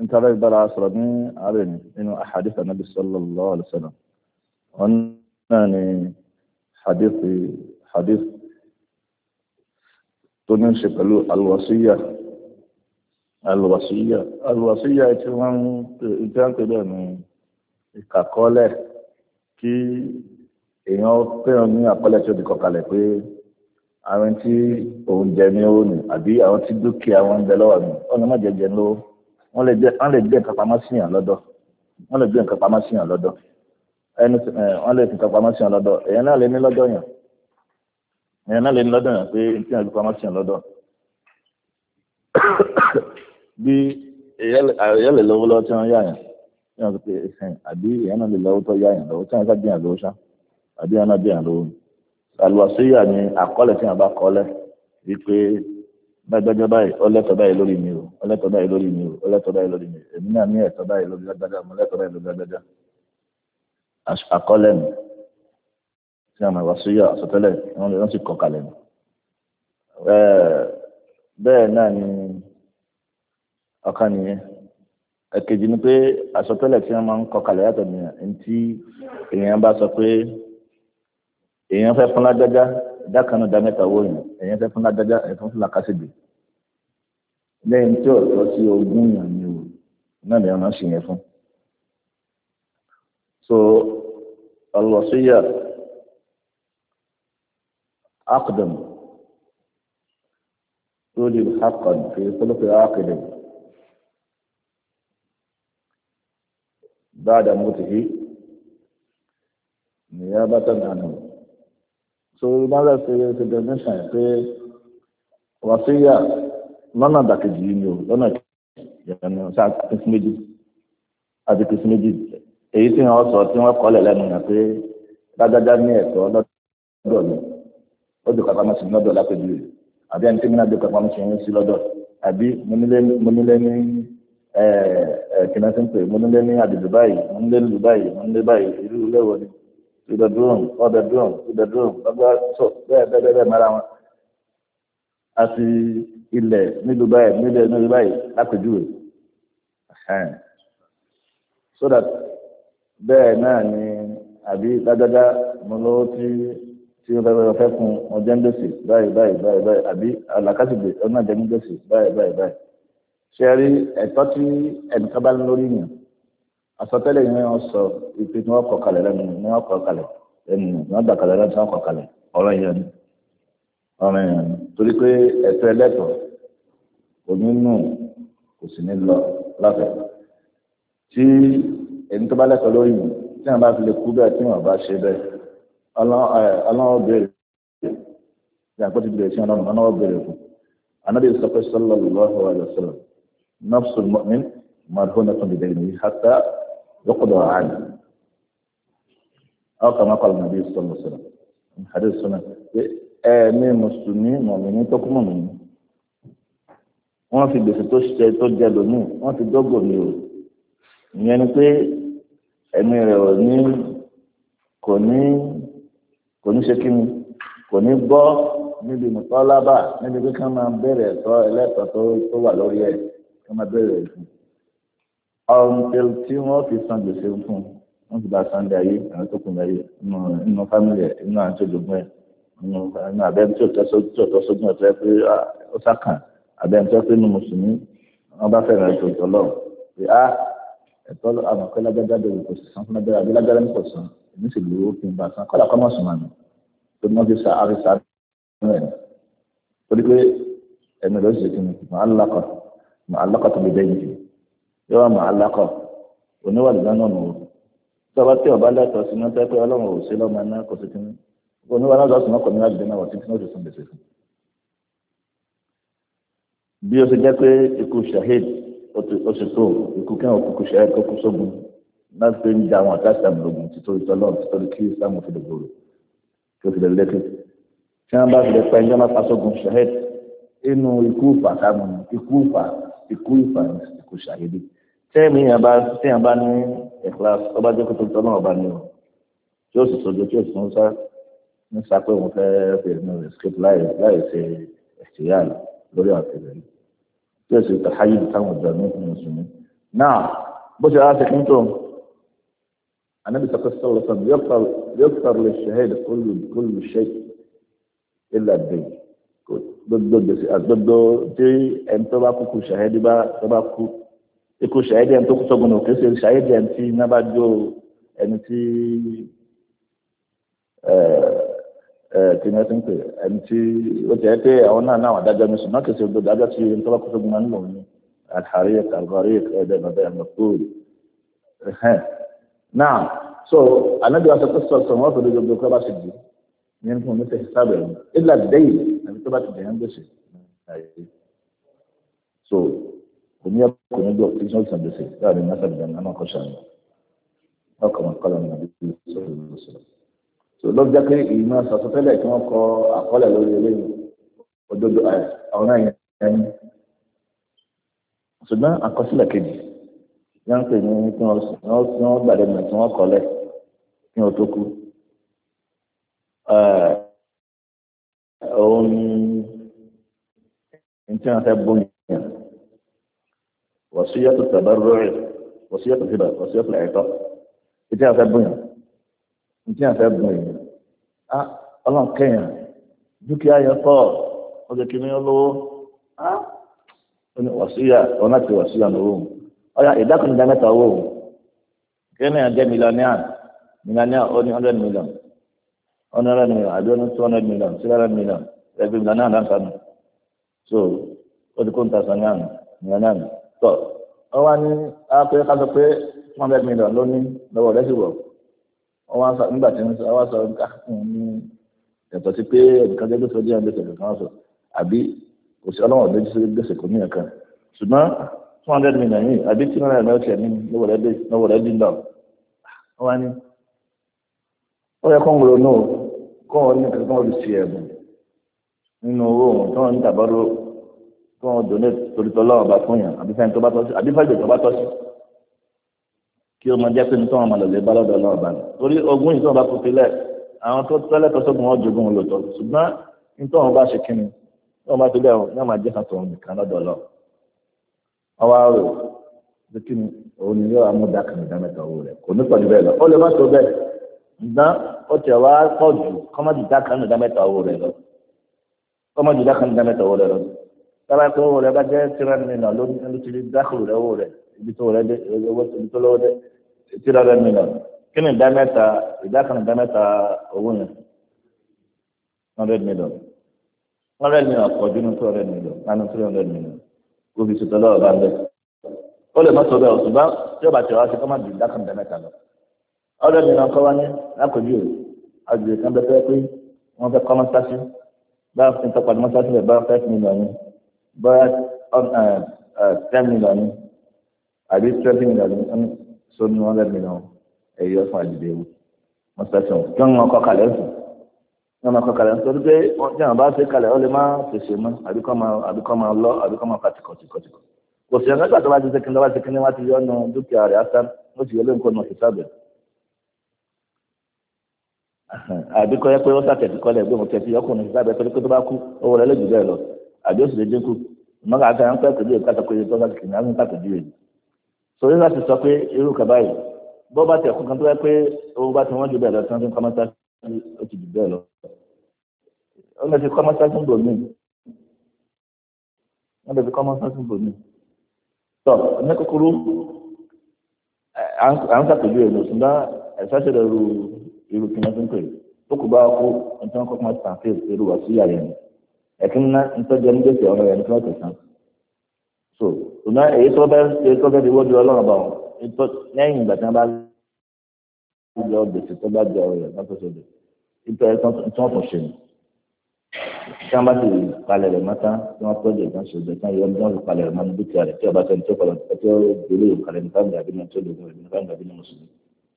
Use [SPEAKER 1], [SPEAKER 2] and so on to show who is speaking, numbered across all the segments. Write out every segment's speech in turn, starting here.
[SPEAKER 1] nítorí ìbára sọ̀rọ̀ ní ààrẹ nínú àhàdìsà nàbí sallallahu alaihi wasallam wọn náà ni hadithi hadith tó ní ṣe pẹ̀lú alwasiyya alwasiyya alwasiyya tí wọ́n ń pè bẹ́ẹ̀ ni ìkàkọ́lẹ̀ kí èèyàn péyàn ní àkọọ́lẹ̀ tí ó di kọkalẹ̀ pé àwọn tí òun jẹ ní òun ni àbí àwọn tí dúkìá wọn ń bẹ mi ọ̀nà má jẹ jẹ lówó. wọ́n lè gbé wọ́n lè gbé nǹkan pamọ́ sí yàn lọ́dọ̀ lè gbé nǹkan yàn ẹni eh, wọ́n lè fi nǹkan pamọ́ sí yàn lọ́dọ̀ èèyàn náà lè ní lọ́dọ̀ yàn èèyàn náà lè ní lọ́dọ̀ yàn pé tí yàn fi pamọ́ sí yàn lọ́dọ̀ bí èèyàn lè lọ́wọ́ lọ́wọ́ tí wọ́n yà yàn wọ́n ẹ̀sìn àbí èèyàn náà lè lọ́wọ́ tó yà yàn lọ́wọ́ tí wọ́n lọ́wọ́ sá àbí náà ni tí yàn bá kọ́lẹ̀ wípé báyìí ọlẹ́tọ̀ báyìí lórí mi o ọlẹ́tọ̀ báyìí lórí mi èmi náà ní ẹ̀tọ́ báyìí lórí lágbájá mo lẹ́tọ̀ báyìí lórí lágbájá àkọọ́lẹ̀ mi tí a máa wá sí àsọtẹ́lẹ̀ wọn lè rántí kọkalẹ̀ mi bẹ́ẹ̀ náà ni ọ̀kan nìyẹn ẹ̀kejì ni pé àsọtẹ́lẹ̀ tí wọ́n máa ń kọkalẹ̀ yàtọ̀ nìyẹn ntí èèyàn bá sọ pé èèyàn fẹ́ fún lágbájá dákanú dá mẹ́ta owó yẹn èèyàn fẹ́ fún lágbájá èèyàn fún làkàṣègbè lẹ́yìn tí ọ̀tọ́ sí ogún yàn ni o náà lè ọ̀nà ṣìyẹn fún. so alwasiya aqdam tujib haqqan fi suluki aqdam ba'da mutihi niyabatan anhu so bá lọ sí ṣe donation pé wasiya lọ́nà àdàkejì yìí ni o lọ́nà ìyànnì ọ̀sẹ̀ àtìkísí méjì àtìkísí méjì èyí tí wọ́n sọ tí wọ́n kọ́lẹ̀ lẹ́nu yàn pé dájájá ní ẹ̀tọ́ lọ́dọ̀ mi ó dùn kápá mọ́sí lọ́dọ̀ lápẹ́jù rẹ̀ àbí ẹni tí mi náà dùn kápá mọ́sí yẹn sí lọ́dọ̀ àbí mo nílé ní kìnnìkan pé mo nílé ní àdìdì báyìí mo nílé ní báyìí mo nílé báyìí irú ilé wo ni two bedroom four bedroom two bedroom lọ́gbà so bẹ́ẹ̀ bẹ́ẹ̀ bẹ́ẹ̀ mẹ́ra wọn àti ilẹ̀ nílùú báyìí nílùú nílùú báyìí lápèjúwe so that bẹ́ẹ̀ náà ni àbí lágbádá mo lọ́wọ́ tí tí wọ́n fẹ́ fẹ́ fún wọn jẹ́ ń gbèsè báyìí báyìí báyìí báyìí àbí àlàkàtìgbè ọ̀nà jẹ́ ń gbèsè báyìí báyìí báyìí ṣe rí ẹ̀tọ́ tí ẹnìkan bá ń lórí yàn àsọtẹ́lẹ̀ yìí wọ́n sọ ìpè tí wọ́n kọ̀ kalẹ̀ lẹ́nu ni wọ́n kọ̀ kalẹ̀ lẹ́nu ni wọ́n gbà kalẹ̀ lẹ́nu tí wọ́n kọ̀ kalẹ̀ ọ̀rọ̀ yẹn ni ọ̀rọ̀ yẹn ni torí pé ẹ̀tọ́ ẹlẹ́tọ̀ kò ní nù kò sì ní lọ lọ́fẹ̀ẹ́ tí ẹni tó bá lẹ́tọ̀ọ́ lórí mi tí wọn bá fi lè kú bẹ́ẹ̀ tí wọn bá ṣe bẹ́ẹ̀ ọlọ́wọ́ bẹ̀rẹ̀ ní àpótí bẹ̀rẹ̀ sí ọlọ́run ọlọ́wọ́ bẹ̀rẹ̀ fún anábì sọ pé sallallahu alaihi wasallam nafsul mu'min marhunatun bidaynihi hatta yuqda anhu aw kama qala nàbí sallallahu alaihi wasallam hadith sunan ẹ̀ẹ̀mí mùsùlùmí mọ̀mìnì tó kú mọ̀mìnì wọ́n fi gbèsè tó ṣe tó jẹ lómi wọ́n fi dọ́gbò mi o ìyẹn ni pé ẹ̀mí rẹ̀ ò ní kò ní kò ní ṣe kí ni kò ní gbọ́ níbi mùtọ́lábà níbi pé ká máa bẹ̀rẹ̀ ẹ̀tọ́ ẹlẹ́tọ̀ọ́ tó tó wà lórí ẹ̀ ká máa bẹ̀rẹ̀ ẹ̀sìn ọ̀ǹtẹ̀l tí wọ́n fi san gbèsè fún un wọ́n ti bá sunday ayé àwọn tó kù mẹ́rin nínú fámìlì ẹ̀ nínú àti olùgbọ́n ẹ̀ nínú abẹ́ni tí òtọ́ sójú ọ̀tọ́ pé ah, ó sákàn abẹ́ni tó pé nínú mùsùlùmí wọ́n bá fẹ́ràn ètò ìtọ́lọ̀ pé á ah, ẹ̀tọ́ àmọ̀pẹ́ lágbájá bẹ̀rù kò sí san fún lágbára àbí lágbára ní kò san èmi sì lówó kí n bá san kọ́lá kọ́ mọ̀ sùn màmí tó ní wọ́n fi sa àrísà rẹ̀ torí pé ẹ̀mí ló ṣe kíni mà á lakọ̀ mà á lakọ̀ tó lè bẹ́yìn jù yóò wá mà á lakọ̀ oníwàlú náà nù tí ọba tí ọba lẹ́tọ̀ọ́ sí náà tẹ́ pé ọlọ́run ò sí lọ́mọ náà kò sí kíni oníwà náà lọ́sùn náà kọ̀ ní láti dẹ́nà wọ̀ títí náà ti sùn gbèsè fún. bí ó ṣe jẹ́ pé ikú shahid ó ṣe tó ikú kẹ́hìn òkú shahid kó kú sógun láti pé ń da àwọn àtàkì àmìlógún títorí tọ́lọ́ títorí kí sáàmù fi lè gbòòrò kí ó fi lè lékè. tí wọ́n bá fi lè pa ẹjọ́ máa pa sógun shahid inú ikú ìfà kánú ikú ìfà ikú ìfà ikú shahid. tẹ́ẹ̀mì yẹn bá ní ẹ̀kílá ọba jẹ́ kótó tọ́lọ́ ọba ní o tí ó sì sọ́jọ́ ń sá pé òun fẹ́ fi ẹ̀mí rẹ̀ script láì láì ṣe ẹ̀ṣẹ̀yà lórí àti rẹ̀ tí ó sì ta háyé táwọn ìjọ ní ìpínlẹ̀ mùsùlùmí. náà bó ṣe láti pín tó anábì sọ pé sọ̀rọ̀ sọ̀rọ̀ yóò sọ̀rọ̀ lè ṣe hẹ́ẹ̀dì kúlù ṣe ilà dè gbogbo gbèsè gbogbo tí ẹni tó bá kúkú ṣàhẹ́dì bá tó bá kú ikú ṣàhẹ́dì ẹni tó kú sọ́gun òkè ṣe ṣàhẹ́dì ẹni tí iná bá jó ẹni tí ẹ̀ẹ́ kí ni ẹ ti ń pè ẹni tí ó jẹ́ pé àwọn náà náà adájọ́ mi sùn náà kìí ṣe gbogbo adájọ́ tí n tọ́lá kótó gbọ́n nínú mi alhariq alghariq ẹ̀dẹ̀ bàbá ẹ̀ mọ̀kúrì náà so anabi wa sọ sọ wọn fẹẹ gbogbo kọ bá ṣe jù ní ẹni fún mi tẹ sábẹ ẹni ilà dẹyìn àbí tó bá ti dẹyìn gbèsè so kò ní ẹkọ kò ní gbọ kí sọ sàn gbèsè láàrin náà sábẹ ẹni lọ́ọ́ jẹ́ pé ìmọ̀ sọ̀tọ́tẹ́lẹ̀ tí wọ́n kọ àkọọ́lẹ̀ lórí eléyìí òdodo àwọn náà yẹn ní. ṣùgbọ́n àkọsílẹ̀ kejì yẹn ń pè ní kí wọ́n tí wọ́n gbàdé mọ̀ tí wọ́n kọ́lẹ̀ kí wọ́n tó kú. òun ní tí wọ́n fẹ́ bóyá wàsíyàtò tàbárọ̀rẹ̀ wàsíyàtò tìbà wàsíyàtò ẹ̀tọ́ ìtí wọ́n fẹ́ bóyá ìtí wọ́n fẹ́ bóyá á ah, ọlọ́run kẹyàn dúkìá yẹn pọ̀ ó lè kí ní olówó á ah. ó ní wàsíyà òun láti wàsíyà lówó òun ọ̀yà ìdákùn ìdá mẹ́ta owó òun kí ní ẹ̀jẹ̀ mílíọ̀nìà mílíọ̀nìà ó ní hundred million hundred million àbí ó ní two hundred million three hundred million ẹgbẹ́ mílíọ̀nìà náà sànù so ó ti kó ń ta sàn ní àná mílíọ̀nìà náà tọ́ ọ wá ní á pé ká sọ pé one hundred million ló ní lọ́wọ́ rẹ̀ sì wọ́n wá sọ nígbà tí wọ́n sọ wá sọ nǹkan ah, ní yàtọ̀ sí pé ẹnìkan jẹ́ gbèsè díẹ̀ gbèsè kan sọ àbí kò sí ọlọ́wọ́n méjì sí gbèsè kò ní ẹ̀kan ṣùgbọ́n two hundred million yìí àbí two hundred million tiẹ̀ ní lọ́wọ́ rẹ̀ dín dọ̀ wọ́n wá ní ó yẹ kó ń ronú o kó wọn ní nǹkan tó ń fi ẹ̀bùn nínú owó wọn tó ń ní tàbọ̀rọ̀ tó ń donate torítọ́ lọ́wọ́ bá fún yàn àbí fẹ́ni tó bá tọ́ sí àbí fẹ́ni tó bá tọ́ sí kí o mọ jẹ́ pé nítorí ọmọ lọ́lẹ́ bá lọ́dọ̀ ọlọ́run bá mi torí ogún yìí tó bá kú sílẹ̀ àwọn tó tẹ́lẹ̀ tó sógun wọn jogún olóòótọ́ ṣùgbọ́n nítorí wọn bá ṣe kíni tí wọn bá ti bẹ́ẹ̀ ní ọmọ ajé kan tó ń nìkan lọ́dọ̀ lọ. ọwọ́ rò pé kí ni òun ni yóò mú da kàn dá mẹ́ta owó rẹ̀ kò ní pọ̀ bẹ́ẹ̀ lọ ó lè má tó bẹ́ẹ̀ ǹdán ó ti dákòrò rẹ̀ owó rẹ̀ three hundred million kí ni ìdá mẹ́ta ìdá kan ìdá mẹ́ta o yẹn hundred million hundred million àpọ̀jù ní two hundred million nínú three hundred million kó fi ṣètò lọ́wọ́ bá ń bẹ̀. ó lè má sọ bẹ́ẹ̀ ṣùgbọ́n tí ó bá tẹ̀ wá sí kọ́ má di ìdá kan ìdá mẹ́ta lọ. hundred million kọ́ wá ní lákòjú rẹ̀ àgbèrè kan bẹ́ẹ̀ pé wọ́n fẹ́ kọ́ mọ́sáṣí bá fi tọ́pọ̀ ní mọ́sáṣí rẹ̀ bá five million ní bá eh, eh, ten million ní àbí twenty million sómi wọn lẹ́mìnà ẹ̀yọ́ fún àdìdè wọn wọ́n sẹ́sìn kí wọ́n kọ́ kalẹ̀ ẹ̀sìn kí wọ́n kọ́ kalẹ̀ ẹ̀sìn torí pé tí àwọn bá ṣe kalẹ̀ ó lè má fèsì mọ́ àbíkọ́ máa lọ àbíkọ́ máa fa tìkọ̀tìkọ̀ kò sí ẹ̀ka tó bá ti sẹ́kìndé wá ti kíní wá ti yọ nu dúkìá rẹ̀ ásán ó sì yẹ lé nǹkan ọ̀sẹ̀ sábẹ̀ àbíkọ́ yẹ pé ó sàtẹ̀tì kọ́lẹ̀ gbé wọn tẹ̀sí ọkùnrin sábẹ̀ pé tó bá kú owó rẹ̀ lè jù bẹ́ẹ̀ lọ àbí ó sì lè dínkù mọ́gàkà ń pẹ́ pẹ̀lú ìkàtàkùn yìí tó bá ti kìnnìkan ń pàtàkì yìí sọ yóò láti sọ pé irú kaba yìí bó bá tẹ̀ kún kan tó bá pé owó bá ti wọ́n ju bẹ́ẹ̀ lọ tí wọ́n ti ń kọ́ mọ́tà sí ó ti jù bẹ́ẹ̀ lọ. ó lè fi kọ́ mọ́tà sí bòmí wọ́n lè fi kọ́ mọ́tà sí bòmí. tọ́ ní kúkúrú à ń sàpèjú èrò ṣùgbọ́n ẹ̀sáṣẹ́ rẹ̀ ru irú kí wọ́n ti ń pè ó kù bá kú ní tí wọ́n kọ́ mọ́tà sí èrò wà sí àyẹ̀wò ẹ̀kínná ń tọ́jú ẹni so ṣùgbọ́n èyí tó bẹ́ẹ̀ ṣe tó bẹ́ẹ̀ ti wọ́n di ọlọ́run bá wọn lẹ́yìn ìgbà tí wọ́n bá jọ gbèsè tó bá jọ rẹ̀ lọ́tọ̀ sódò nítorí tí wọ́n tún ṣe ni tí wọ́n bá ti palẹ̀ rẹ̀ mọ́tá tí wọ́n tọ́jú ìgbà ṣòjọ́ tí wọ́n yọ ọdún palẹ̀ rẹ̀ mọ́ ní dúkìá rẹ̀ tí ọba tó ń tó kọlọ̀ tí ó gbélé ìkàlẹ̀ nípa ìgbà bí wọ́n tó lè gbọ́n nípa ìgbà bí wọ́n mùsùlùmí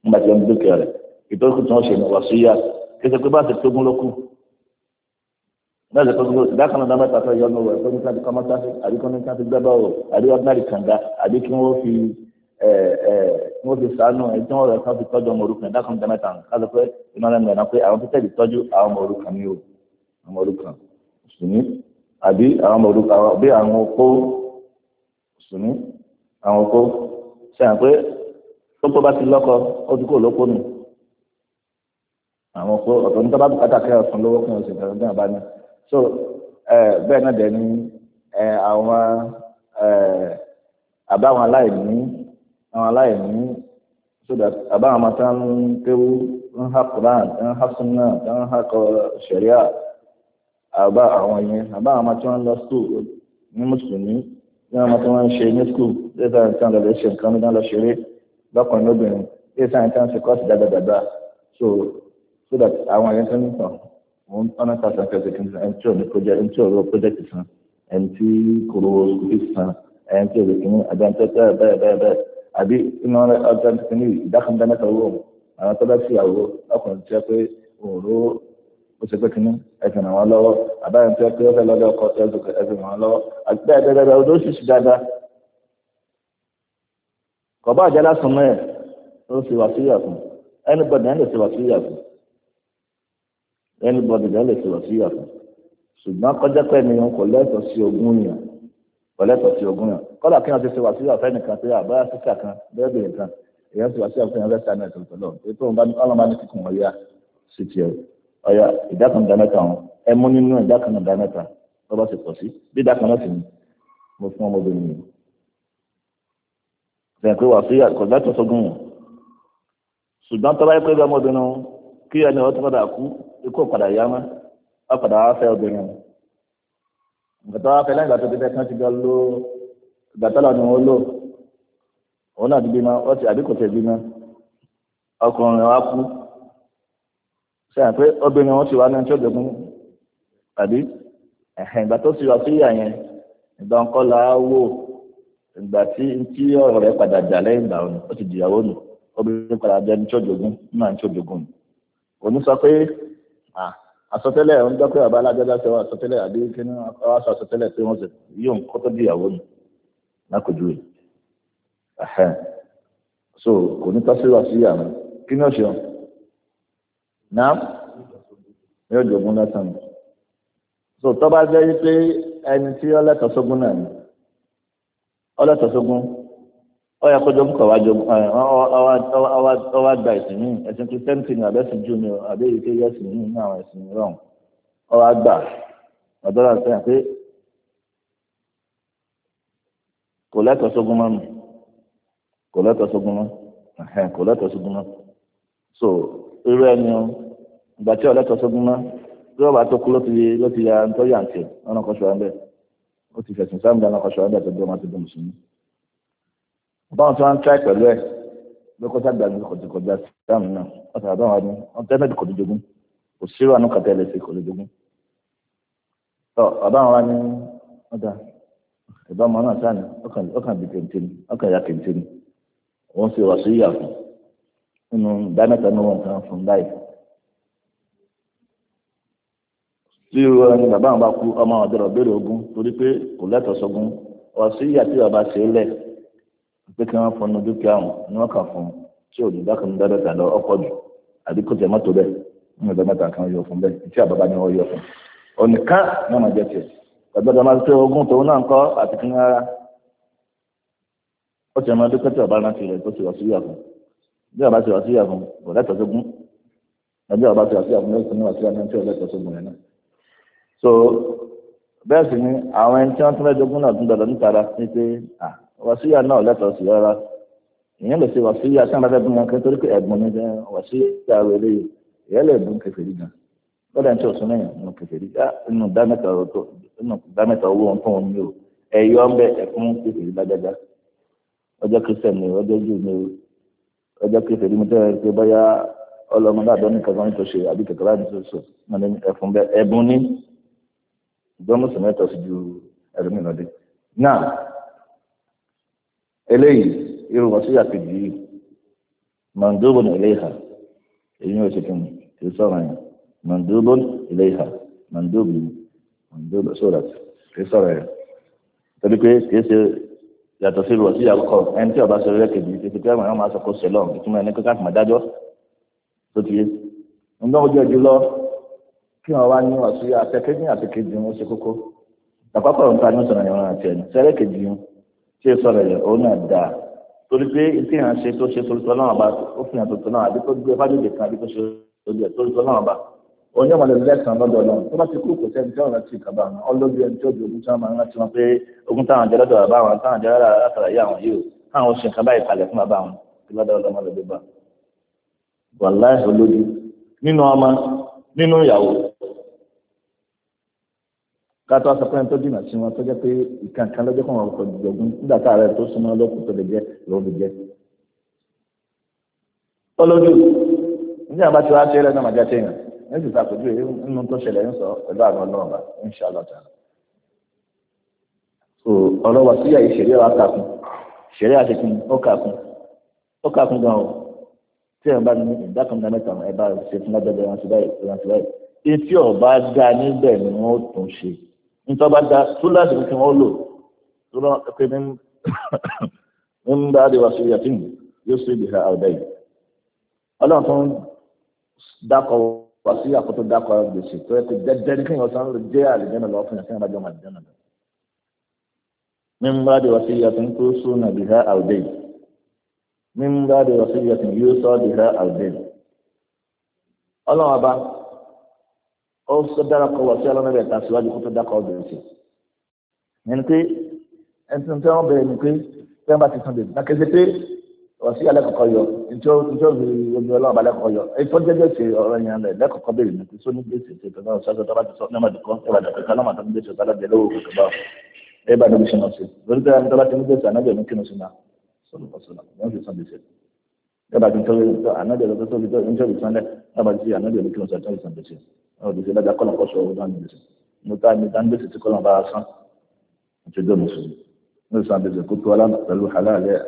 [SPEAKER 1] nígbà tí wọ́n dúkìá rẹ̀ ìtọ́jú tí wọ́n ṣe ni wàásù yá kí lọ́sẹ̀ tó gbogbo dákànnà dáná tàfẹ́ yọ ọ́nà rẹ̀ tó ní káfí kọ́mọ́tà àbí kọ́ni káfí gbẹ́bà o àbí ordinary kànga àbí kí wọ́n fi wọ́n fi sànù ẹ̀ tí wọ́n rẹ̀ káfí tọ́jú ọmọ orúkàn dákànnà dáná tàn káfí pé ìmọ̀lẹ́ mẹ́rin pé àwọn títẹ̀ lè tọ́jú àwọn ọmọ orúkàn mi o ọmọ orúkàn sùnmí àbí àwọn ọmọ orúkàn bí àwọn opó sùnmí àwọn opó sẹ́yìn pé tó pé bá ti lọ́kọ ó ti kó lóko nù àwọn opó ọ̀tọ̀ ní so bẹ́ẹ̀ náà dẹ̀ ni àwọn àbáwọn aláìní àwọn aláìní so that àbáwọn ọmọ tán ń kéwú ń ha Quran ń ha sunna ń ha kọ sharia àbá àwọn yẹn àbáwọn ọmọ tí wọ́n lọ school ní mùsùlùmí ní ọmọ tí wọ́n ń ṣe ní school lẹ́sà nǹkan lọ lè ṣe nǹkan nígbà lọ ṣeré lọ́kùnrin lóbìnrin lẹ́sà nǹkan ṣe kọ́ọ̀sì dáadáa so so that àwọn yẹn tó ń tàn wọ́n ọ̀nà tàṣà kẹsẹ̀ kí n san ẹni tí ò ní project ẹni tí ò rọ project san ẹni tí kò rọ school fees san ẹni tí ò rọ kìíní àbí ẹni tó tẹ́ ẹ bẹ́ẹ̀ bẹ́ẹ̀ bẹ́ẹ̀ àbí iná ọjà ti ní ìdákanjá mẹ́ta owó àwọn tó bá sí àwọ ọkùnrin tí wọ́n pé òòró ó ṣe pé kìíní ẹ̀sìn àwọn lọ́wọ́ àbáyọ̀ tí wọ́n pé ó lọ́dọ̀ ọkọ̀ tí ẹ̀sìn àwọn lọ́wọ́ àti bẹ́ẹ̀ bẹ́ẹ̀ bẹ́ẹ̀ olóṣìṣì dáadáa ó ṣe anybody ló lè sọ̀rọ̀ sí ìyàtọ̀ ṣùgbọ́n kọjá pé ẹni wọn kò lẹ́tọ̀ọ́ sí ogún yàn kò lẹ́tọ̀ọ́ sí ogún yàn kọ́lá kí wọ́n ti ṣe wà sí ìyàtọ̀ ẹnìkan pé àbáyá síkà kan bẹ́ẹ̀ nǹkan èèyàn ti wà sí ìyàtọ̀ ẹnìkan lẹ́sà náà tòótọ́ lọ ètò ọlọ́mọba ní kíkùn ọ̀yà sí tiẹ̀ ọ̀yà ìdá kan dá mẹ́ta wọn ẹ mú nínú ìdá kan dá mẹ́ta tó bá ti pọ̀ sí bí ìdá kan náà sì ni mo fún ọmọbìnrin yìí bẹ́ẹ̀ pé wà sí ìyàtọ̀ kò lẹ́tọ̀ọ́ sógún yàn ṣùgbọ́n tó bá yẹ pé ọmọbìnrin kí ẹni ọtí padà kú ikú padà yá mọ́ ọ padà wá fẹ́ obìnrin nǹkan tó wá fẹ́ lẹ́yìn ìgbà tó ti fẹ́ kán ti ló ìgbà tó lọ ni wọ́n lò òun náà ti bímọ ó ti àbí kò bímọ ọkùnrin wa kú sẹ́yìn pé obìnrin wọn ti wá ní ẹ̀hìn ìgbà tó ti wá sí ìyá yẹn ìgbà ńkọ́ la wò ìgbà tí tí ọ̀rọ̀ rẹ̀ padà jà lẹ́yìn ìgbà òun ó ti dìyàwó nù obìnrin padà jẹ́ ní náà òní sọ pé àsọtẹ́lẹ̀ ń gbọ́ pé bàbá alágbádá sọ àsọtẹ́lẹ̀ àbí kíní wá sọ àsọtẹ́lẹ̀ wọ́n ti yóò ń kọ́tọ́ di ìyàwó mi lákòjú rẹ̀ so kò ní tásíwá sí àmì kí ni ó ṣe náà yóò jogún lẹ́sàn mi so tó bá jẹ́ pé ẹni tí ọlẹ́tọ̀ọ́sógún náà ni
[SPEAKER 2] ọlẹ́tọ̀ọ́sógún
[SPEAKER 1] ọyà kọjọ bùkà wà jọ ọwà gba ẹ̀sìn mi ẹ̀sìn kristianity ni àbẹ̀sìn jù ni àbẹ̀yìí kéyà ẹ̀sìn mi ní àwọn ẹ̀sìn rọrùn ọwà gbà ọ̀dọ́rà sẹ́yìn pé kò lẹ́tọ̀ọ́ sógun mọ́ mi kò lẹ́tọ̀ọ́ sógun mọ́ kò lẹ́tọ̀ọ́ sógun mọ́ so irú ẹni o ìgbà tí ọ̀lẹ́tọ̀ọ́ sógun mọ́ bí ọba tó kú ló ti ló ti ya ntọ́yà ntì ọ̀nà kọ́ṣọ́ ẹ̀ bẹ́ẹ̀ ó ti fẹ̀sùn sáà ń bẹ ọ̀nà kọ́ṣọ́ ẹ̀ bẹ́ẹ̀ tó bí ọmọ ti bí mùsùlùmí báwọn tí wọ́n ń tíráì pẹ̀lú ẹ̀ lókọ́tà gbàgbé kọjá sáàmù náà wọ́n tàbí àwọn ọdún wọ́n tẹ́ mẹ́tì kòtò jogún kò sírò àánú kàtà ẹlẹ́sẹ̀ kòtò jogún. tọ́ bàbá àwọn wa ní ọ̀dà ìbá ọmọ náà sáà ní ọkàn bí kèntè ní ọkàn ya kèntè ní wọ́n sì wà sí ìyà fún nínú ìdá mẹ́ta ní wọn kan fún báyìí. tí ìrora ni bàbá àwọn bá kú ọmọ ọ̀dọ́rọ̀ béèrè ogún torí pé kò lẹ́tọ̀ọ́sọ́gún wà sí ìyà tí bàbá ṣe é lẹ́ẹ̀ pé kí wọ́n fọnù dúkìá wọn ni wọ́n kà fún un tí ò ní dákan dáadáa tà lọ ọkọ̀ jù àbí kò tẹ̀ mọ́tò bẹ́ẹ̀ ní ọ̀dọ́ mẹ́ta kan yọ fún bẹ́ẹ̀ tí àbábá ni wọ́n yọ fún ọ̀nìká náà máa jẹ́ tiẹ̀ ọ̀dọ́dọ́ máa pé ogún tòun náà ń kọ́ àti kí wọ́n rárá ó ti ọmọ dúkìá tí ọba rántí rẹ̀ tó ti wà síyà fún bí ọba ti wà síyà fún kò lẹ́tọ̀ọ́ sógún ẹbí ọba ti wà síyà fún lẹ́tọ̀ọ́ níwà síyà fún tí náà so bẹ́ẹ̀ ni àwọn ẹni tí wọ́n tún fẹ́ jogún ah wàsíyà náà lẹ́tọ̀ọ́ sí rárá ìyẹn lè ṣe wàsíyà wọn torí pé ẹ̀gbọ́n wàsíyà rere ìyẹn lè kẹfẹ́rí gan náà nù kẹfẹ́rí á nù dámẹ́ta owó ohun tó ń ní o ẹ̀yọ́ ń bẹ ẹ̀kún kẹfẹ́rí lágbájá ọjọ́ kristian ọjọ́ jù ni ọjọ́ kẹfẹ́rí mi tẹ́lẹ̀ pé báyà eléyìí irú wàsíyà kejì yìí mandubun ilayha èyí ò sì kìnnì kì í sọ̀rọ̀ yẹn mandubun ilayha mandubu mandubu sódà kì í sọ̀rọ̀ yẹn torí pé kì í ṣe yàtọ̀ sí wàsíyà kọ ẹni tí ọba ṣe rẹ kejì kì í ṣe pé àwọn máa sọ kó ṣe lọ ìtumọ̀ ẹni kankan mà dájọ́ tó ti yé ǹdọ́ ojú ẹjú lọ kí wọ́n wá ní wàsíyà àtẹkẹ́jì àtẹkẹ́jì wọn ṣe kókó àpapọ̀ nǹkan ní sọ̀rọ̀ yẹn wọn àti ẹni sẹ́rẹ́ kejì wọn ṣé sọ̀rọ̀ yẹn òun náà dáa torí pé tí à ń ṣe tó ṣe torítọ́ náà bá ó fi hàn tuntun náà àbí tó gbé fájòjì kan àbí tó ṣe lójú ẹ̀ torítọ́ náà bá oní ọmọdé lẹ́sàn-án lọ́dọ̀ náà tó bá ti kú kò sẹ́ni tí wọ́n rántí ìkàbá wọn ọlọ́bí ẹni tí ó di ogun tí wọ́n máa ń rántí wọn pé ogun táwọn jẹ lọ́dọ̀ bàbá wọn táwọn jẹ látara ìyá wọn yìí o káwọn ṣe nǹkan báyìí kalẹ̀ fún bàbá wọn lọ́dọ̀ ọlọ́mọdé bá wàláì olójú nínú ọmọ nínú ìyàwó kátó aṣọ pẹ́ẹ́n tó dìnnà sí wọn tó jẹ́ pé ìkànkan lọ́jọ́ kan wọn kò jọ̀gún nígbà tá ààrẹ tó súnmọ́ lọ́kùn tó lè jẹ́ lọ́wọ́ lè jẹ́. ọlọ́dún ní àbá tí wàá ṣe ẹlẹ́dàá màjá ṣe yàn ní sì sàkójú ẹ̀ nínú tó ṣẹlẹ̀ ń sọ pẹ̀lú àwọn ọlọ́ọ̀bà inṣàlọ́ tà. so ọ̀rọ̀ wà síyà yìí ṣẹ̀rí wa kàkún ṣẹ̀rí àṣekún ó kàkún ó kàkún gan o tí ẹ̀ bá ní ìdákan náà mẹ́ta ẹ̀ bá ṣe fún lábẹ́bẹ́ wọn ti báyìí wọn ti báyìí etí ọba dá níbẹ̀ ni wọ́n tún ṣe nítorí bá da túláàsì kí wọ́n lò tó lọ́ pé ní ń bá adé wa sórí àtìmù yóò sì di ha àwùdá yìí ọlọ́run tó ń dákọ̀ wá sí àkótó dákọ̀ gbèsè tó yẹ kó jẹ́jẹ́ ní kéèyàn sáré lè jẹ́ àlejò náà lọ́wọ́ fún yàn kéèyàn bá jọ máa jẹ́ bá adé wa sórí tó sún náà di ha àwùdá yìí ní bá adé wa sórí yóò sọ́ di ha àwùdá yìí ọlọ́run ọba ó sọ dára kọ wà sí ọlọ́nà rẹ̀ tàṣíwájú kó tó dákọ̀ ọbẹ̀rẹ̀ sí ẹni pé ẹni tí wọ́n bẹ̀rẹ̀ ni pé tí wọ́n bá ti sunday náà kéde pé wà sí alẹ́kọ̀ọ́kọ́ yọ ìjọ ìjọ ìgbìyànjú ọlọ́run bá lẹ́kọ̀ọ́ yọ èyí tó ń jẹ́jẹ́ sí ọ̀rọ̀ yẹn rẹ̀ lẹ́kọ̀ọ́kọ́ bẹ̀rẹ̀ ni pé só ní gbèsè tí ìtọ́jú ọ̀sán tó bá ti sọ ní ọmọdé kan tó bá dàgbà kan lọ́mọ tó ń gbèsè ọ̀sán lọ́dẹ lówó kòtò bá ẹ bá níbi sinmi ọ̀sẹ̀ lórí tẹ́lẹ̀ tó bá ti ń gbèsè ànájọ ní kínú sinmi sọ̀rọ̀ sọ̀rọ̀ yẹn fi sàn gbèsè tábà ti ṣe ànábì ẹni kí wọn sọ̀tún ìsàn gbèsè àwọn òdìsí dáadáa kọ́nà kọ́ sọ ọdún àmì gbèsè mo ta mi dá ń gbèsè tí kọ́nà bá san àti ọjọ́ mùsùlùmí ní ìsàn gbèsè kó tó aláàmì pẹ̀lú halálẹ̀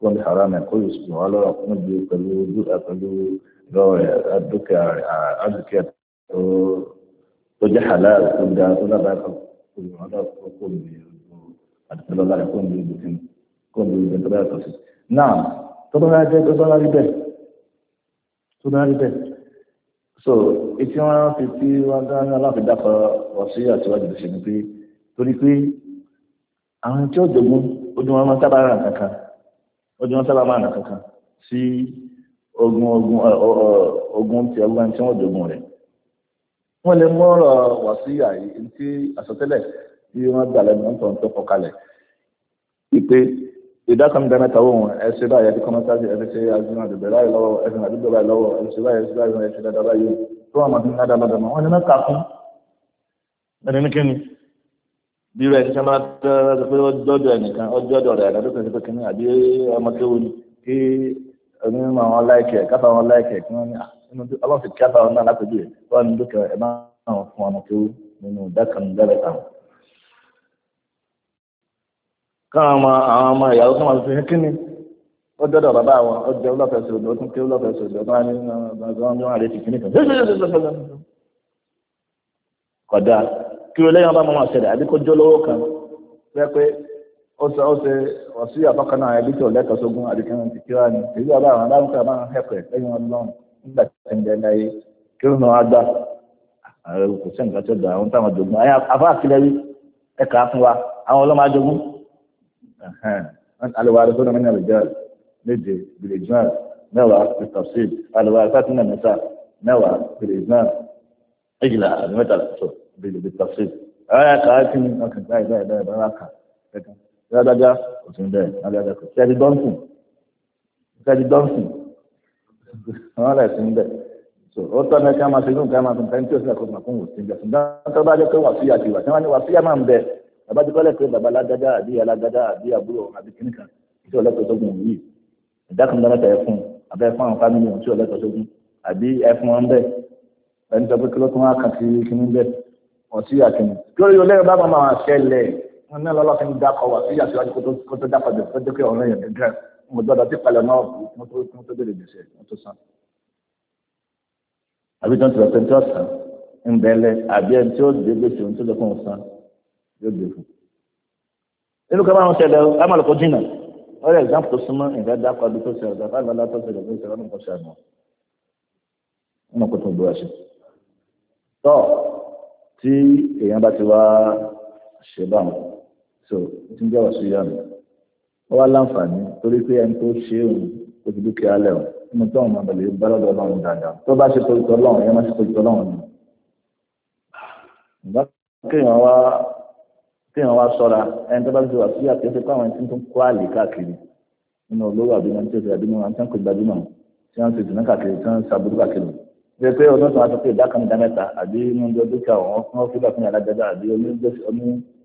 [SPEAKER 1] kó ní haram ẹ̀ kó yóò sùn wá lọ́rọ̀ fún ibi pẹ̀lú pẹ̀lú dúkìá àdúkìá tó jẹ́ halal tó ga tó lábàá kan kó yóò wá lọ́rọ̀ kó mi àdúgbò kó mi ìdùkún kó mi ìdùkún tó bá yàtọ̀ sí. náà tó bá rí bẹ́ẹ̀ tó bá rí bẹ́ẹ̀ so etí wọn fi tí wọn dáná aláàfin dàpọ̀ ọ̀sí àtiwájú ṣe ni pé torí pé àwọn tí ó jogún ó dún wọn máa sábà ràn kankan ó dún wọn sábà máa ràn kankan sí ogun ogun ogun tí ọgbọ́n tí wọ́n jogún rẹ̀ wọ́n lè mọ́rọ̀ wá sí àyè tí àsọtẹ́lẹ̀ tí wọ́n gbà lẹ́nu tó ń tọ́kọ kalẹ̀ idan kan gana ta won e se ba ya ko mata ji e se ya zuna da bela lawo e na da bela lawo e se ba ya se ba ya se da ba yi to ma din na da ma da ma wani na ka kun da ne kin bí rẹ ṣiṣẹ́ máa tẹ́ ẹ pé ọjọ́dọ̀ ẹnìkan ọjọ́dọ̀ rẹ̀ àdàdọ́ kan ṣe pé kínní àbí ọmọ tó wù ní kí ẹni máa wọn láìkẹ̀ kápá wọn láìkẹ̀ kí wọ́n ní ah, inú tó ọlọ́sìn kápá wọn náà lápẹ̀jù rẹ̀ wọ́n ní dúkìá ẹ̀ máa wọn fún ọmọ tó wù nínú dákan dára táwọn káwọn ọmọ àwọn ọmọ ìyàwó kan máa fi hàn kí ni ó dọ́dọ̀ bàbá wọn ó jẹ́ olófẹ́ sòdò ó tún ké olófẹ́ sòdò bá ní ọgbà ọmọ àlè tì kíní kan kódà kí o lẹ́yìn ọba máa máa ṣẹlẹ̀ àbí kó jó lówó kan pé pé ó ṣe ó ṣe ọ̀sí àfọ́kàn náà ẹbí tí ò lẹ́tọ̀ọ́ sógun àbí kí wọ́n ti kí wá ní èyí ọba àwọn aláǹkà máa ń hẹ́pẹ̀ lẹ́yìn ọlọ́run nígbà tí ẹ̀ ń jẹ láyé kí ó náà gbà kò sí nǹkan tó dà àwọn táwọn jogun àyà afá àkílẹ̀ rí ẹ̀ka fún wa àwọn ọlọ́mọ ajogun الوارثون من الرجال نجي بالإجماع نوى بالتفصيل الوارثات من النساء نوى بالإجماع إجلاء المثل بالتفصيل آية قاتل لكن لا لا لا لا لكن لا لا لا òsín bẹ́ẹ̀ alága kò kẹ́ẹ̀dì dọ́ǹsìn kẹ́ẹ̀dì dọ́ǹsìn wọn lẹ̀ sí bẹ́ẹ̀ so ó tọ́ ní ká máa ṣe lóun ká máa tún ká ní tí ó sì lẹ́kọ̀ọ́ máa fún òsín bẹ́ẹ̀ ṣùgbọ́n tó bá ní wàásù máa ń bàbá ti kọ́lẹ̀ pé bàbá alágádá àbí alágádá àbí àbúrò àbí kìnìkan tí ọlẹ́tọ̀ sógun yìí ìdá kan dáná tẹ̀ fún abẹ́ fún àwọn fámìlì tí ọlẹ́tọ̀ sógun àbí ẹfun wọn bẹ́ẹ̀ ẹni sọ pé kí ló tún wá kàn sí kìnìún bẹ́ẹ̀ wọ́n sí àkìnì lórí olóyè bá máa ṣẹlẹ̀ wọn náà lọ́lọ́ fi ń dákọ̀ wá sí àṣewájú kó tó dákọ̀ jù tó dé pé ọ̀rọ̀ yẹn gẹ́gẹ́ mo gbọ́dọ̀ ti palẹ̀ náà mo tó dé lè dèṣẹ̀ mo tó san àbí tó ń tẹ̀lé pé tí ó san ń bẹ́ẹ̀lẹ̀ àbí ẹni tí yóò gbé fún nínú kan máa ń ṣẹlẹ̀ amálùkọ jìnnà ọ̀rẹ́ ẹ̀gbọ́n tó súnmọ́ ìgbà dákọ adé tó ṣẹlẹ̀ dákọ àgbà dá tó ṣẹlẹ̀ tó ṣẹlẹ̀ ọdún kan ṣàmù ọmọ kò tó gbé ọṣẹ tọ tí èèyàn bá ti wá ṣe báwọn so ti ń jẹ wàásù yá mi ó wá láǹfààní torí pé ẹni tó ṣe òun ó ti dúkìá lẹ o nínú tí àwọn ọmọ ìbẹ̀lẹ̀ bá ọlọ́run dáadáa tó bá ṣe torítọ́ ọlọ́run yẹn má ṣe torítọ́ ọlọ́run ni. ìgbà kéèyàn wá téèyàn wá sọ́ra ẹni tó bá ti wà sí àti ẹsẹ̀ pé àwọn ẹni tó ń kó àlè káàkiri nínú olówó àbínú àti ẹsẹ̀ àbínú àti ẹ̀kọ́ ìgbàdúmọ̀ tí wọ́n ti dùn náà káàkiri tí wọ́n ń sàbúrú káàkiri. ṣe pé ọdún tó wá sọ pé ìdá kan ìdá mẹ́ta àbí inú ọjọ́ dúkìá wọn fún wọn fúlà fún alágbádá àbí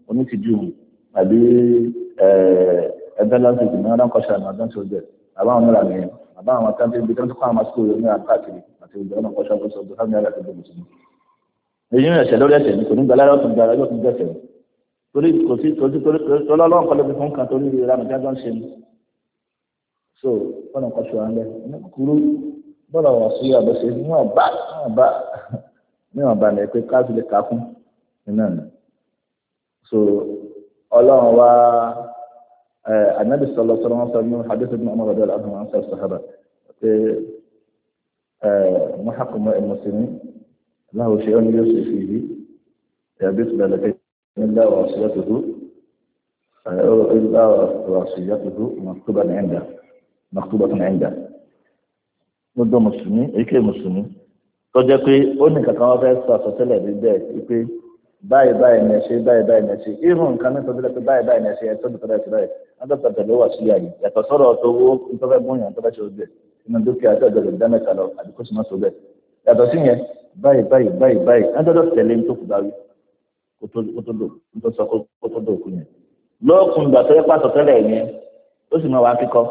[SPEAKER 1] onítìjú àbí ẹgbẹ́ lásìkò ní ọdún kọ́ṣà ní ọdún tó jẹ àbáwọn mìíràn ni àbáwọn akẹ́kọ̀ọ́ ibi tó ń torí kò sí torí torí torí ọlọ́run kọ́ ló fi fún kan torí ìrora mi jágbọ́n ṣe mi so ọ̀nà kan ṣùgbọ́n alẹ́ ní kúrú bọ́lá wọ̀ sí àbẹ̀ṣe níwọ̀n bá níwọ̀n bá níwọ̀n bá lẹ̀ pé káàtó lè ká fún iná mi so ọlọ́run wá anabi sọlọ sọlọ wọn sọ ní hadith ibn umar radiyallahu anhu wọn sọ sahaba pé muhakumu muslimin lahu shay'un yusufi yabis lalakai إلا وصيته إلا وصيته مكتوبة عنده مكتوبة عنده gbogbo mùsùlùmí èké mùsùlùmí tó jẹ́ pé ó ní kankan wọn fẹ́ẹ́ sọ àsọtẹ́lẹ̀ bí bẹ́ẹ̀ wípé báyìí báyìí ní ẹṣẹ báyìí báyìí ní ẹṣẹ irun nǹkan ní tọ́jú lẹ́pẹ́ báyìí báyìí ní ẹṣẹ ẹ̀tọ́ nípa ẹ̀ṣẹ̀ báyìí adọ́ta tẹ̀lé wà sí àyè yàtọ̀ sọ́rọ̀ tó owó ntọ́fẹ́ bóyàn tó fẹ́ ṣe ojú ẹ̀ inú dúkìá tó ọjọ́ ìdá mẹ́ta lọ àdìkó sì má so bẹ́ẹ̀ yàtọ̀ sí yẹn báyìí báyìí báyìí báyìí adọ́dọ̀ tẹ̀lé ní tó kù báwí kó tó sọ kó tó dò kú yẹn lóòkùn ìgbà tó yẹ pàtó tẹ́lẹ̀ yẹn ó sì máa wá kíkọ́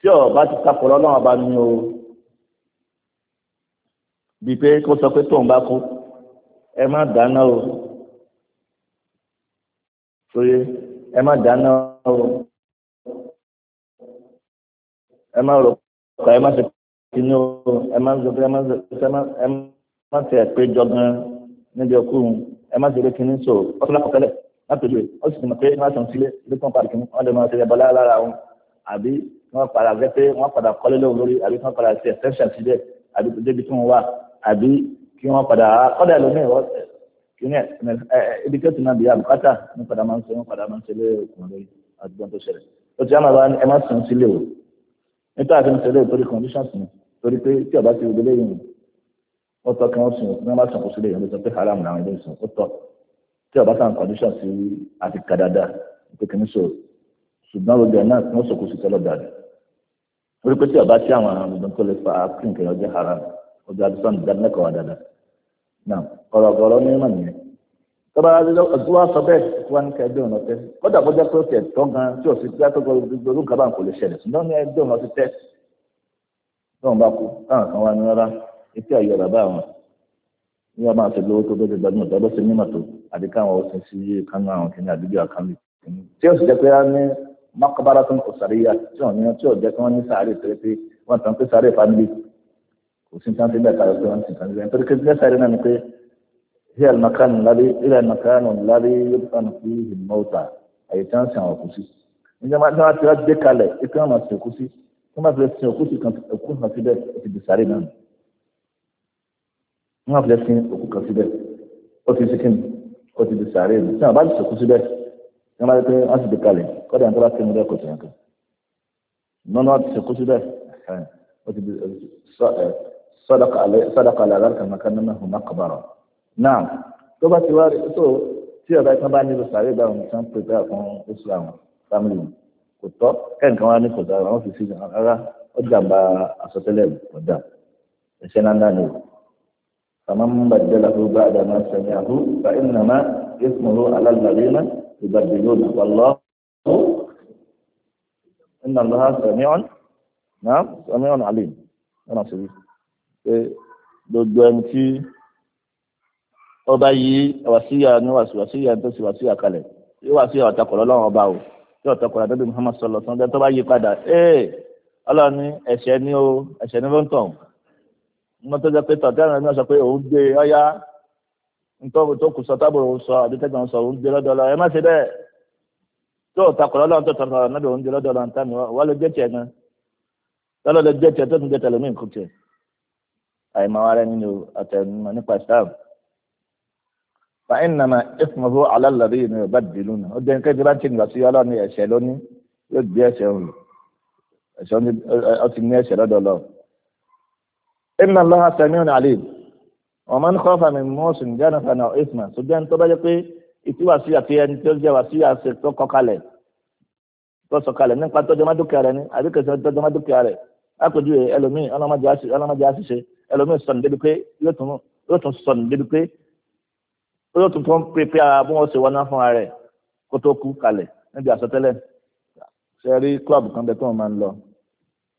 [SPEAKER 1] tí ọ̀ bá ti takò lọ́lọ́wọ́ bá ní o bíi pé kó sọ pé tóun bá kú ẹ má dáná o sóye ẹ má dáná o ẹ má rò kọ ẹ má ṣe kíní o ẹ má ṣe ẹ má ṣe ẹ má ṣe pé jọ níbi ọkùnrin ẹ má jẹ́rẹ́ kínní so ọtún lákọ̀tẹ́lẹ̀ látòjú rẹ̀ ó sì ti mọ̀ pé wọ́n sàn sílé ilé tó ń parí kínní wọ́n lè máa ṣe ẹbọ lára wọn àbí wọ́n padà fẹ́ pé wọ́n padà kọ́lé lóhùn lórí àbí wọ́n padà ṣe exception sílẹ̀ àbí kò débi tí wọ́n wà àbí kí wọ́n padà kọ́dà lómi ìwọ́ kínní ẹ̀ ibi kẹ́tù náà bìyà bùkátà wọ́n padà máa ń ṣe wọ́n padà máa ń ṣe lé ọkùnrin àdúgbò tó ṣẹlẹ̀ ó ti àmàlà ẹ má sàn sílé o nítorí àti ń ṣẹlẹ̀ torí conditions ni torí pé tí ọba ti ó tọ́ kí wọ́n sùn kí wọ́n bá sàn kó sílé ìyẹn ló sọ pé haram làwọn ilé ìsìn ó tọ́ tí ọba sàn condition sí àti kà dáadáa pé kì í sọ ṣùgbọ́n rògbò náà tí wọ́n sọ kó sí tọ́lọ̀ dàdí orí pé tí ọba tí àwọn ọdún tó lè fa kínkì ọjọ́ haram ọjọ́ adúsán ìdánilẹ́kọ̀ọ́ wa dáadáa náà kọ̀rọ̀kọ̀rọ̀ ní mọ̀ nìyẹn tọ́ba ọdún wa sọ bẹ́ẹ̀ tí wọ́n ń kẹ́ ẹgbẹ́ ọ̀nà tẹ́ kọ́dà bọ́jà pé ó tẹ̀ tọ́ gan tí ò sí pé àtọ́gbọ́ gbogbo nǹkan bá ń kò lè ṣẹlẹ̀ etí àyè bàbá wọn ní wọn máa tẹ̀lé owó tó bẹ́ẹ̀ gbajúmọ̀ tó bẹ́ẹ̀ ní màtó àbí káwọn ó sin sí kánú àwọn kìnìún àdúgbò àkànlẹ̀ tí ó sì jẹ́ pé a ní makabara tó ń kò sàríyá tí wọn ní tí ó jẹ́ pé wọ́n ní sàárè pé pé tàn pé sàárè fámìlì kò sí nǹkan tí bẹ́ẹ̀ tààrà pé wọ́n ti nǹkan níbẹ̀ nítorí pé sàárè náà ni pé ilẹ̀ makanu lábẹ́ ilẹ̀ makanu lábẹ́ yóò tán fi mọ́ta àyè tí wọ́n sin àwọn òkú sí nígbà tí wọ́n ti wá gbé kalẹ̀ ikú wọn máa sin òkú sí wọ́n máa fi sin òkú sí kan òkú kan síbẹ̀ ó ti di sàárè ní wọ́n fi lẹ́ sin òkú kan síbẹ̀ ó ti sikin ó ti di sàárè mi tí wọ́n bá ti sòkú síbẹ̀ ní wọ́n bá pé wọ́n ti di kalẹ̀ kọ́dà ní tọ́lá kẹ́mi lẹ́kọ̀ọ́ tẹ̀yàn kan nínú wọn ti sòkú síbẹ̀ ó ti di sọ́dọ̀kọ̀ àlàyé kan máa kánú náà má kọ̀bárọ̀ náà tó bá ti wá rí tó tí ọ̀gá kan bá nílò sàárè bá wọn sàn pé bá fún oṣù àwọn fámìlì kò tọ́ kẹ́ǹkan wá ní kò wọn fi sí ara ó jàǹbá àsọtẹ́lẹ̀ kọjá ẹ̀ṣẹ̀ náà náà ni فمن بدله بعد ما سمعه فإنما اسمه على الذين يبدلونه والله إن الله سميع نعم سميع عليم أنا سبيل gbogbo ẹni tí ọba yìí wàsíyà ní wàsíyà tó sì wàsíyà kalẹ̀ yóò wàsíyà ọ̀tàkọ̀rọ̀ ọlọ́run ọba o yóò ọ̀tàkọ̀rọ̀ àdébí Muhammad sọlọ sọ́ndẹ́ tó bá yí padà ẹ̀ ọlọ́run ẹ̀ṣẹ̀ ni ó ẹ̀ṣẹ̀ ni ló ń tàn mọ́tọ́jọ́ pé tàtẹ́rìn náà sọ pé òun gbé ọyá ntọ́wò tó kù sọ tábìlì òun sọ àdìtẹ́gbọ̀n sọ òun gbé lọ́dọ̀ lọ ẹ má ṣe bẹ́ẹ̀ tó o takọ̀ lọ́dọ̀ tó takọ̀ lọ́dọ̀ náà òun gbé lọ́dọ̀ lọ ntá mi wá ló jẹ́ tiẹ̀ gan lọ́dọ̀ ló jẹ́ tiẹ̀ tó tún jẹ́ tẹ̀lé mi nǹkan tiẹ̀ àyèmọ̀ ara ẹni o nípa islam fa innama ismuhu ala alladhina yubaddiluna ó dẹ́n bá inna Allaha sami'un alim wa man khafa min mọ́ọ̀sùn jẹ́nà fana isman so jẹ́ni tó bá jẹ́ pé ìtí wàsíyà tí ẹni tó jẹ́ wàsíyà ṣe tó kọ́kalẹ̀ tó sọ̀kalẹ̀ nípa tọ́jú má dúkìá rẹ̀ ni àbí kẹsàn-án tọ́jú má dúkìá rẹ̀ akọ̀jú ẹlòmíì ọlọ́mọdé àṣìṣe ẹlòmíì sọ̀nù débi pé yóò tún sọ̀nù débi pé yóò tún tún pépé ara bí wọ́n ṣe wọná fún ara rẹ̀ kó tó kú kalẹ̀ níbi àsọtẹ́lẹ̀ ṣe rí kílọ̀bù kan bẹ tó wọn máa ń lọ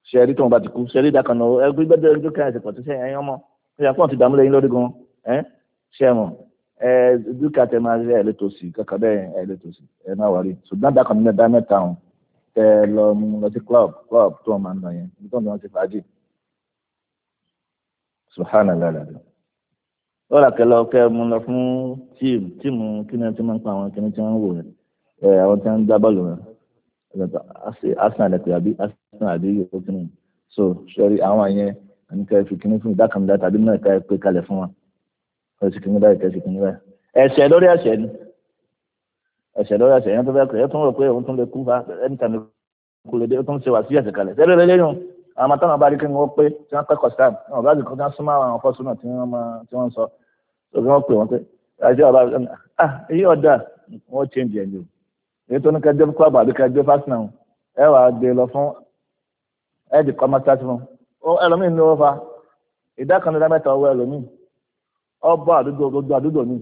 [SPEAKER 1] ṣẹ́rí tó ń bá ti kú ṣẹ́rí ìdá kan náà ẹgbẹ́ gbẹ́dẹ́ ojú kan ẹ̀sìn pọ̀tù sẹ́yìn ẹ̀yìn ọmọ ìyá fún ọ̀tí dààmú lẹ́yìn lórí gan ẹ̀ ṣẹ́mọ̀ ẹ̀ dúkìá tẹ máa rí ẹ̀lẹ́tòsí kankan bẹ́ẹ̀ ẹ̀lẹ́tòsí ẹ̀ máa wà rí ṣùgbọ́n dákan nínú ẹ̀dá mẹ́ta ọ̀hún tẹ lọ mú lọ sí club club tó máa ń lọ yẹn ibi tó ń lọ sí fàájì subhanallah lọ́la kẹ lọ kẹ mú lọ fún tíìmù àbí yòókù kínní so sọrí àwọn yẹn àní ká fi kínní fún ìdákàndá tàbí náà ká pé kalẹ̀ fún wa ká sì kínní báyìí ká sì kínní báyìí ẹ̀ṣẹ̀ lórí ẹ̀ṣẹ̀ ni ẹ̀ṣẹ̀ lórí ẹ̀ṣẹ̀ yẹn tó bẹ́ẹ̀ kẹ́ ẹ̀ tún rò pé òun tún lè kú fa ẹni tàbí kò lè dé ó tún ṣe wà sí ẹ̀ṣẹ̀ kalẹ̀ ṣẹ́ lórí lẹ́yìn àwọn àtàwọn bá kí wọ́n pé tí wọ́n kẹ́kọ̀ọ́ sáà ẹ wàá gbé lọ fún ẹ di kọ́ mọ́ṣáláṣí fún un ẹlòmíín ní owó fa ìdá kan nílá mẹ́ta owó ẹlòmíín ọ bọ́ àdúgbò gbogbo àdúgbò mi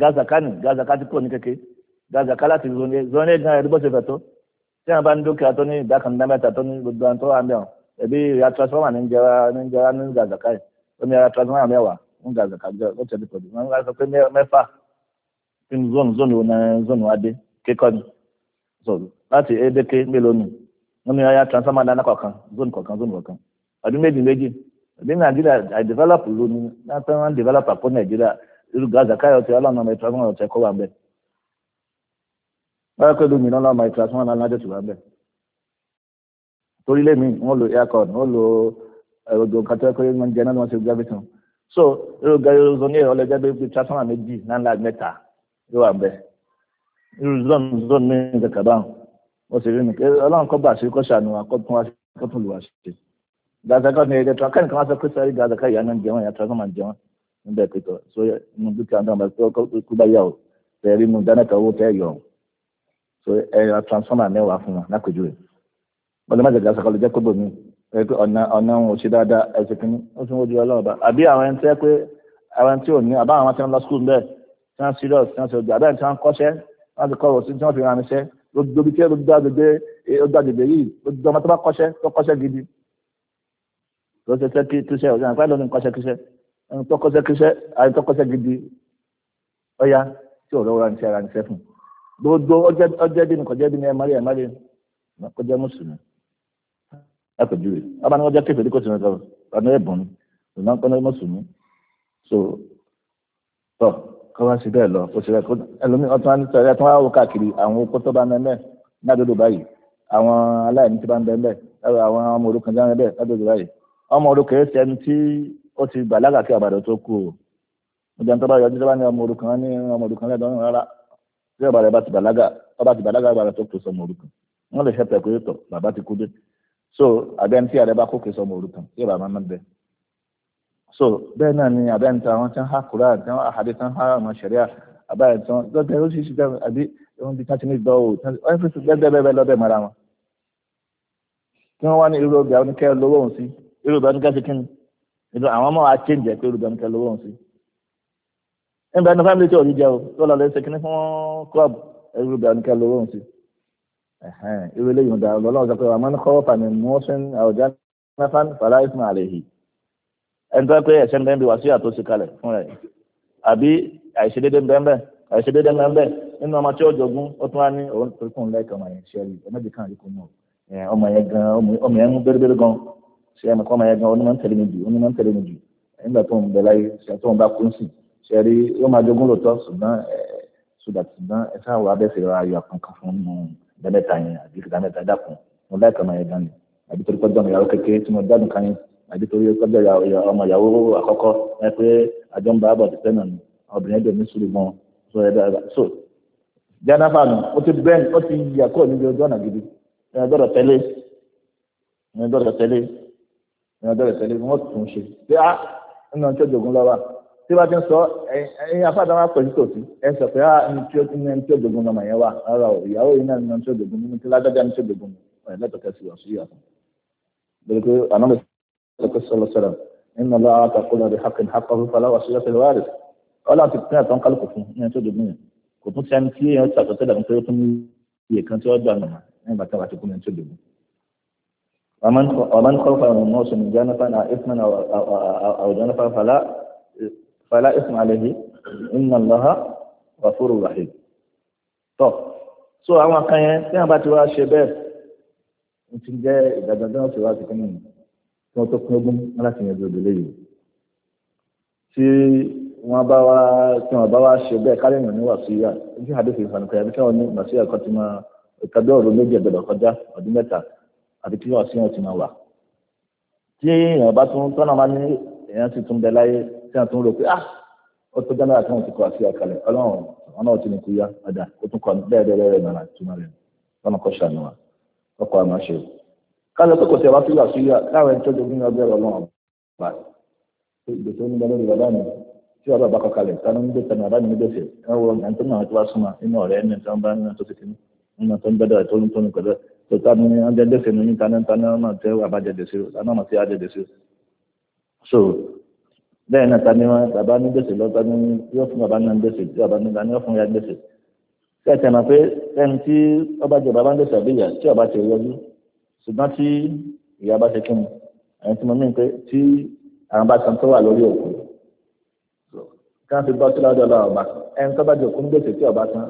[SPEAKER 1] gazaka ni gazaka ti kúrò ní kéke gazaka láti zonye zonye gan ẹ̀rí bó ṣe fẹ̀ tó tí wọn bá ní dúkìá tó ní ìdá kan nílá mẹ́ta tó ní gbogbo àwọn tó wà ń bẹ̀ wọn ẹbí ìyá transformer ní jẹra ní jẹra ní gazaka yìí e. omi ara transformer mẹ́wàá ń gazaka jẹ ó tẹ̀lé pẹ̀lú wọn wá sọ pé mẹ́fà tí zone zone wo náà zone wa dé kékọ́ ni so láti édéké mélòó ni wọ́n ní ọ̀yà transformer dáná kọ̀ọ̀kan zone kọ̀ọ̀kan zone kọ̀ọ̀kan ọdún méjì méjì ní nàìjíríà àìdèvélop lónìí láti wọn dèvélop àpò nàìjíríà irú gaza káyọ̀ tí ọlọ́run ọmọ ìtura fún ọ̀tẹ̀ kọ́ wà bẹ́ẹ̀ báyọ̀ pé lómi náà ọmọ ìtura fún ọlọ́run ajọ́ ti wà bẹ́ẹ̀ torí lẹ́mìí wọ́n lo aircon wọ́n lo ẹ̀rọ̀dọ̀ nǹkan tó yẹ kó yẹ wọ́n jẹ náà wọ́n ṣe graviton so irú gaza zone yẹn ọlọ́jà bẹ́ẹ̀ pé transformer méjì náà mẹ́ta ló wà bẹ́ẹ̀ irú zone zone mi nǹkan kàbáwọn mo sì rí mi pé ọlọ́run kọ́ bà sí kọ́ ṣàánú wa kọ́ tún wá kọ́ tún lù wá ṣe gàdàkà ní ẹ̀dẹ̀ tó akẹ́nìkan wá sọ pé sáré gàdàkà ìyá náà jẹun ìyá tó máa jẹun níbẹ̀ pẹ̀tọ̀ so inú dúkìá náà bá tó kú bá yà ó tẹ̀ rí mu dáná owó tẹ̀ yọ̀ so ẹ̀yà transformer mẹ́wàá fún wa lápèjú rẹ̀ wọ́n lè má jẹ̀gà sọ̀kọ́ lè jẹ́ kóbò mi ẹ pé ọ̀nà ọ̀nà wọn ò ṣe dáadáa ẹ̀sìn kìíní ó sì ń wojú ọlọ́ọ̀bà àbí àwọn ẹni tẹ́ pé àwọn ẹni tí ò ní àbá gbogbo ibi tí ó dá gbèdé ó dá gbèdé yìí gbogbo ọmọ tó bá kọ́ṣẹ́ tó kọ́ṣẹ́ gidi tó ṣiṣẹ́ kí kíṣẹ́ ọ̀sán àpá ìlọrin kọ́ṣẹ́ kíṣẹ́ ẹni tó kọ́ṣẹ́ kíṣẹ́ àti tó kọ́ṣẹ́ gidi ọ̀yá tí ò lọ́wọ́ ránṣẹ́ ránṣẹ́ fún gbogbo ọjẹ́ bí ni kò jẹ́ bí ni ẹ mọ́lẹ̀ ẹ mọ́lẹ̀ kò jẹ́ mùsùlùmí lápèjúwe ọba ni wọ́n jẹ́ kéfèé kò tìǹkan ọ̀nà ẹ̀bùn ni ìmọ̀ ń pẹ́ mùsùlùmí so tọ́. So, kọ́ wá sí bẹ́ẹ̀ lọ kó sí bẹ́ẹ̀ kó ẹlòmíì ọtún wọn sọ ẹtún wọn wò káàkiri àwọn okó tó bá ń bẹ́ẹ̀ ní àdúgbò báyìí àwọn aláìní tó bá ń bẹ́ẹ̀ bẹ́ẹ̀ àwọn ọmọ òrukàn tó bá ń bẹ́ẹ̀ ní àdúgbò báyìí ọmọ òrukàn ẹsẹ̀ ẹni tí ó ti bàlágà kí àbàdàn tó kú o ọjà tó bá yọjú tó bá ní ọmọ òrukàn ní ọmọ òrukàn lẹ́dọ̀ọ́rùn rárá tí àbàdàn bá ti bàlágà ọba ti bàlágà àbàdàn tó kú sọmọ òrukàn wọn lè ṣe so bẹ́ẹ̀ náà ni àbẹ́ni tí àwọn tí ń ha kura tí wọ́n àhàdé tí ń ha àwọn ṣẹ̀ríà àbáyé tí wọ́n lọ́gbẹ́ oríṣiríṣi bẹ́ẹ̀ àbí wọ́n bí tán ti ní ìdánwò everything bẹ́ẹ̀ bẹ́ẹ̀ bẹ́ẹ̀ lọ́bẹ̀ mọ́ra wọn. kí wọ́n wá ní irú obìnrin oníkẹ́ lówó òun sí irú obìnrin oníkẹ́ sí kí ni ìlú àwọn ọmọ wa change ẹ̀ pé irú obìnrin oníkẹ́ lówó òun sí. nígbà inú family tí òní jẹ́ o tó lọ lè ṣe kíní fún club irú obìnrin oníkẹ́ lówó òun sí. irú eléyìí ń da ọlọ́run sọ pé àmọ́ ní kọ́ ẹni tó pé ẹ̀ṣẹ̀ bẹ́ẹ̀ bí wàásù àtúnṣe kalẹ̀ fún rẹ̀ àbí àìṣedédé bẹ́ẹ̀ àìṣedédé bẹ́ẹ̀ nínú ọmọ tí ó jogún ó tún wá ní òun tó kún lẹ́ẹ̀kì ọmọ yẹn ṣe rí ẹ̀mẹ́jì kan rí kún mọ́ ọmọ yẹn gan ọmọ yẹn ń bẹ́rẹ́bẹ́rẹ́ gan ṣe ẹ̀mẹ́kọ́ ọmọ yẹn gan onímọ̀ ń tẹ̀lé mi jù onímọ̀ ń tẹ̀lé mi jù nígbà tó ń bẹ láyé ṣe tó ń bá kún sí ṣe rí yóò máa jogún lóòótọ́ ṣùgbọ́n ṣùgbọ́n ṣùgbọ́n ẹ sáà wà àbí torí kọjá ọmọ ìyàwó àkọ́kọ́ ẹ pé àjọ ń bá bọ̀ tẹ́tẹ́ náà ni obìnrin dẹ̀ ní sùúrù gan so ẹ dára so jánáfà nù ó ti bẹ́ẹ̀ ó ti yà kúrò níbi ojú ọ̀nà gidi ẹ gbọ́dọ̀ tẹ́lẹ̀ ẹ gbọ́dọ̀ tẹ́lẹ̀ ẹ gbọ́dọ̀ tẹ́lẹ̀ wọ́n tún ṣe pé á ah, nínú ọjọ́ ìjogún lọ́wọ́ tí wọ́n ti ń sọ ẹ̀yin afáàdá wa pẹ̀lú tòsí ẹ sọ pé á ní tí ó ti ní ẹni tí ó dogun lọ́mọ yẹn wà rárá o ìyàwó yìí náà ní ẹni tí ó dogun nínú tí ládájá ní tí ó dogun ọ̀yẹ́ lẹ́tọ̀ọ́ kẹsì ọ̀sùn yìí àtọ̀ lórí pé àná lọ́kọ̀ sọ́lọ́ sọ́lọ́ nínú lọ́wọ́ àwọn àtàkùn lọ́dẹ hakin hakọ̀ fúnfàlà wà sílẹ̀ sílẹ̀ wáàrẹ̀ ọlọ́ àti pínlẹ̀ tó ń kálukú fún ìyẹn tó dùn yẹn kò tún sẹ́ni tí èèyàn ti àtọ́tẹ́ dàbí pé ó tún iye kan tí ó dà nù nígbà tá àti kún ìyẹn tó dùn. ọ̀mọ́n kọ́ fún àwọn mọ́ọ̀sùn ní jánáfà náà ifman àwùjánáfà fàlà ifman àlejì iná lọ́ha wà fúru rahim. tọ́ so àwọn kan yẹn tí wọ́n bá ti wá ṣe bẹ́ẹ̀ ń ti jẹ́ ìdàgbàdàn kí wọ́n tó pín ogún láti yanjú yìí tí wọ́n bá wá tí wọ́n bá wá ṣe bẹ́ẹ̀ kárí èèyàn ní wàsíyà ojú àdéhùn ìfànùkọ̀ yàtọ̀ wọn ní wàsíyà kan ti máa ìtàbí ọ̀rọ̀ méjì ẹ̀gbẹ̀dọ̀ kọjá ọdún mẹ́ta kí ti máa wà tí èèyàn bá tún tọ́nà máa kálọ pé kò tẹ̀wá síwá síwá láwọn ẹni tó jogún ní ọgbẹ́ rẹ̀ ọlọ́run bá gbèsè ń bẹ lórí bàbá mi tí bàbá bá kọkalẹ̀ tánú ń gbèsè bàbá mi gbèsè ẹ wo ọ̀gá tó náà tó wá súnmọ́ inú ọ̀rẹ́ ẹni tó ń bá nínú tó ti kíní nínú tó ń bẹ́dọ̀ tó ń tó ń pẹ̀lú tó tánú ní ọjọ́ gbèsè ní tánú tánú náà tẹ́ àbájẹ dèsè tánú náà tẹ́ àjẹ dèsè. so bẹ́ẹ̀ náà tani wọn bàbá ní gbèsè lọ tani yóò fún bàbá náà gbèsè tí bàbá ní tani yóò fún ya gbèsè. kẹ́ẹ̀tẹ̀ mọ̀ pé ẹni tí ọba jẹ bàbá ń gbèsè àbíyà tí ọba ti yọjú ṣùgbọ́n tí ìyá bá ṣe kí ni ẹni tí mo mí pé tí àwọn bá san tó wà lórí òkú kí wọ́n fi gbọ́ sí lọ́dọ̀ lọ́wọ́ ọba ẹni tó bá jẹ òkú ń gbèsè tí ọba san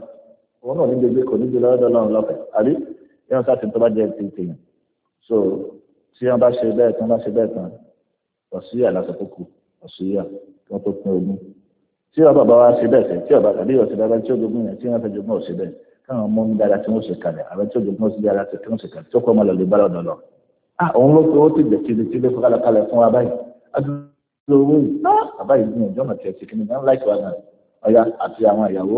[SPEAKER 1] òun náà ní gbèsè kò ní gbé lọ́dọ̀ lọ́wọ́ lọ́fẹ̀ẹ́ àbí yóò sá ti tó bá jẹ ti tèèyàn so tí wọ́n bá ṣe bẹ́ẹ̀ tí wọ́n bá ṣe bẹ́ẹ̀ tán ọ̀síyà lásìkò kù ọ̀síyà kí wọ́n tó pín ogún tí ọba bá wá ṣe bẹ́ẹ̀ tẹ̀ tí ọba tàbí ọ̀sẹ̀ bá bá tí ó yẹn tí wọ́n fẹ́ jogún ọ̀sẹ̀ bẹ́ẹ̀ káwọn ọmọ mi dáadáa tí wọ́n ṣe kalẹ̀ àwọn tí ó dùn sí dáadáa tí wọ́n ṣe kalẹ̀ tó kọ́ ọmọ lọ́lẹ̀ bá lọ́dọ̀ lọ. a òun ló pe ó ti gbẹ̀ kiri tí ló fọ́ kalẹ̀ kalẹ̀ fún wa báyìí adúlọ owó yìí bàbá yìí gbìyànjú ìjọba tẹ̀ sí kíni náà láìpẹ́ wa náà ọ̀ya àti àwọn ìyàwó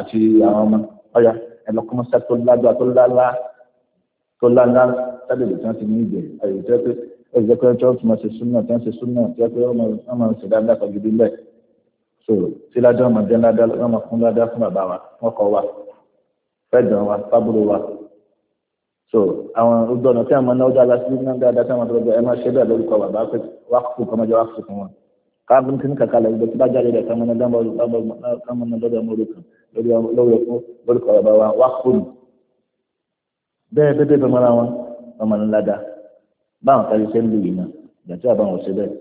[SPEAKER 1] àti àwọn ọmọ ọ̀ya ẹlọ́kọ́mọṣẹ́ tó lágbá tó lálá tó lálá sábẹ̀lì tí wọ́n ti ní ìgbẹ̀ àyè tó yẹ fẹ́dùn wa fábúrò wa so àwọn ojú ọ̀nà tí a máa náwó dáadáa sí náà dáadáa tí a máa tọrọ bẹ ẹ máa ṣe bẹ́ẹ̀ lórúkọ bàbá pé wá kó kọ́ mọ́jọ́ wá kó fún wọn káàbùn kí ní kàkà lẹ́yìn bẹ́ẹ̀ tí bá jáde rẹ̀ káwọn náà dábọ̀ káwọn náà lọ́dọ̀ ọmọ olùkọ́ lórí ọkọ lórúkọ bàbá wa wá kó nù bẹ́ẹ̀ bẹ́ẹ̀ bẹ́ẹ̀ mọ́ra wọn ọmọ ńlá dá báwọn kárí iṣẹ́ ń lò yìí náà ìyàtọ̀ àbáwọn ṣe bẹ́ẹ̀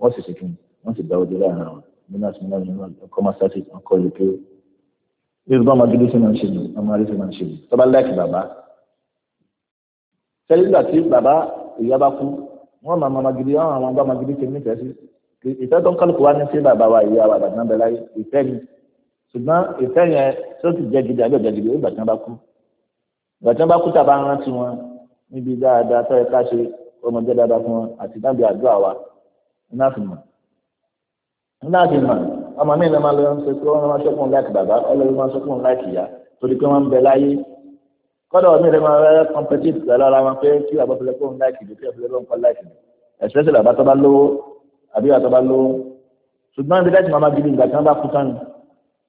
[SPEAKER 1] wọ́n wọ́n sì dáwọ́ dúró àná nínú àti nínú àjùmọ̀ ọkọ̀ masasi ọkọ̀ ìlúpẹ́ yóò bá ọmọ gidi sí máa ń ṣe nù ọmọ adé sí máa ń ṣe nù tọ́ba láìkì bàbá sẹ́yìn nígbà tí bàbá ìyá bá kú wọ́n máa máa gidi wọ́n máa bá máa gidi ṣe nífẹ̀ẹ́ sí ìfẹ́ tó ń kálukú wa ní sí bàbá wa ìyá wa àbàtàn bẹ láyé ìfẹ́ ni ṣùgbọ́n ìfẹ́ yẹn tó ti jẹ́ gidi àbí ọ̀jẹ̀ gidi ó bàtàn bá kú bàtàn bá kú tàbá rántí wọn níbi dáadáa tó yẹ ká ṣe ọmọdé dáadáa fún wọn àti dábìá àdúrà wa iná fi mọ̀ láti mà ọmọ mi náà máa lọ sọ pé wọn máa sọkún láti bàbá ọlọ́run máa sọkún láti ìyá torí pé wọn ń bẹ láyé kọ́dọ̀ mi rẹ̀ máa rẹ́ competitive pẹ̀lú ara wọn pé kí bàbá fẹlẹ́ kó ń láìkì ní kí bàbá fẹlẹ́ kó ń kọ́ láìkì ní especially bàbá tó bá lówó àbí bàbá tó bá lówó ṣùgbọ́n ibi láti máa gidi ìgbà tí wọ́n bá kú sánni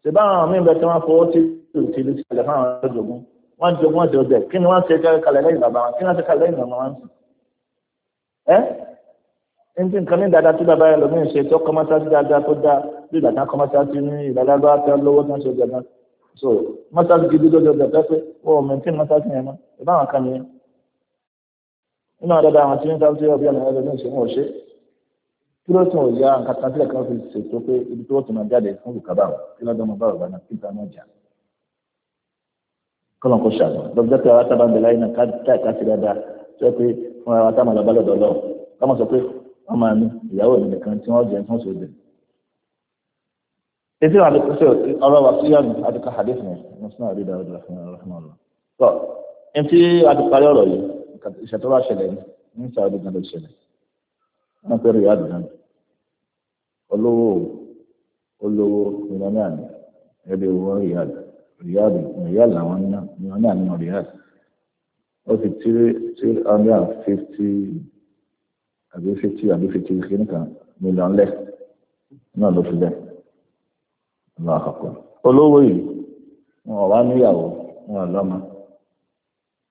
[SPEAKER 1] ṣe báwọn míì bẹ tí wọ́n fowó tí kò ti lè ṣẹlẹ̀ fáwọn ọ̀dọ́gbọ̀n wọ́n ti jogún ọ̀dọ́ bẹ̀ kí ni wọ́n ṣe kalẹ̀ lẹ́yìn bàbá wọn níbi nǹkan ní dáadáa tí bàbá rẹ lómi ń ṣe tó kọ́mọ́sáàsì dáadáa tó dáa bí ìgbà tán kọ́mọ́sáàsì ní ìdádàgbà tó lówó tán ṣe jẹ̀dá so mọ́sáàsì gidi tó jọjọ pé pé wọ́n mẹ́ntẹ́n mọ́sáàsì yẹn mọ́ ìbá àwọn kan nìyẹn nínú àwọn dáadáa àwọn tí wọ́n sáàsì ọ̀bí ọ̀nà ẹ̀rọ ní ṣe wọ́n ṣe kí ló tún òyà nǹkan kan sílẹ̀ kan fi ṣètò pé ibi tó tún máa jáde fún bùkàbà kí lọ́dọ̀ ọmọ báwo báná kí nǹkan náà jà kọ́lọ̀ kó ṣàgbọ́n lọ́jọ́ pé àwọn tábà ń bẹ láyé náà ká dáa ká sí dáadáa tó yẹ pé fún àwọn tábà lọ́bàlọ́dọ̀ lọ́wọ́ ká mọ̀ sọ pé wọ́n máa ní ìyàwó mi nìkan tí wọ́n jẹ fún sóde. etí wọn àdókò sí ọ̀rọ̀ wa sí yọnu àdókò hadith yẹn wọn sì náà rí dáwọ dọlà fún ọ̀rọ̀ fún ọ̀rọ̀. tọ etí adùparí ọ̀rọ̀ yìí ìṣètò wa ṣẹlẹ̀ ní Saudi gan ló ṣẹlẹ̀ wọn pẹ̀lú ìyá àdùn náà olówó olówó ìrọ̀lẹ́ àná ẹbí owó ríyàdì ríyàdì ríyàdì làwọn ní àná ríyàdì ó ti three three hundred and fifty àbí fifty àbí fifty kìíní kan mílíọ̀n lẹ̀ náà ló fi lẹ̀ lọ́ àkọ́kọ́ olówó yìí wọn ò wá níyàwó wọn ò lọ́mọ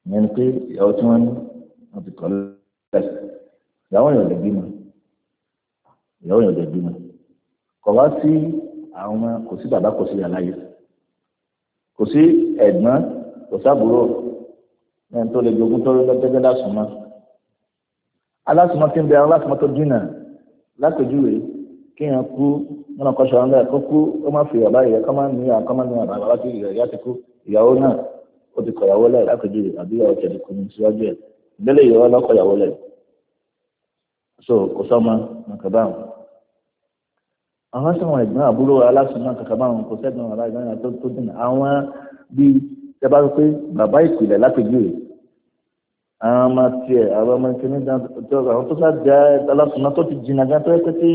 [SPEAKER 1] ìyẹn ni pé ìyàwó tí wọ́n ní wọ́n ti kọ́ lẹ̀ ìyàwó yẹn ò lè bímọ ìyàwó yẹn ò lè bímọ kò wá sí àwọn kò sí bàbá kò sí ìyá láyé kò sí ẹ̀gbọ́n kò sábúrò ẹni tó lè jogún tó lọ́jọ́ sùn mọ́ alásùmọ́ tí ń bẹ alásùmọ́ tó dínà lápèjúwe kí yẹn kú wọn kọ́ sọ̀rọ̀ ńlẹ̀ kó kú ó má fi ọ̀bá ìyá kọ́ má ní àwọn kọ́ má ní àbá bàbá tí ìyá ti kú ìyàwó náà ó ti kọ̀ ìyàwó lẹ̀ lápèjúwe àbí ìyàwó tẹ̀lé kú ní síwájú ẹ̀ ìdílé ìyàwó lọ́kọ̀ ìyàwó lẹ̀ so kò sọ́mọ nǹkan àwọn sọ̀rọ̀ ẹ̀gbọ́n àbúrò alásùmọ́ kankan àwọn ọmọ tiẹ̀ àwọn ọmọ ìkíní tó àwọn tó sáà jẹ́ alásùnmọ́ tó ti jìnnà gan tó yẹ pé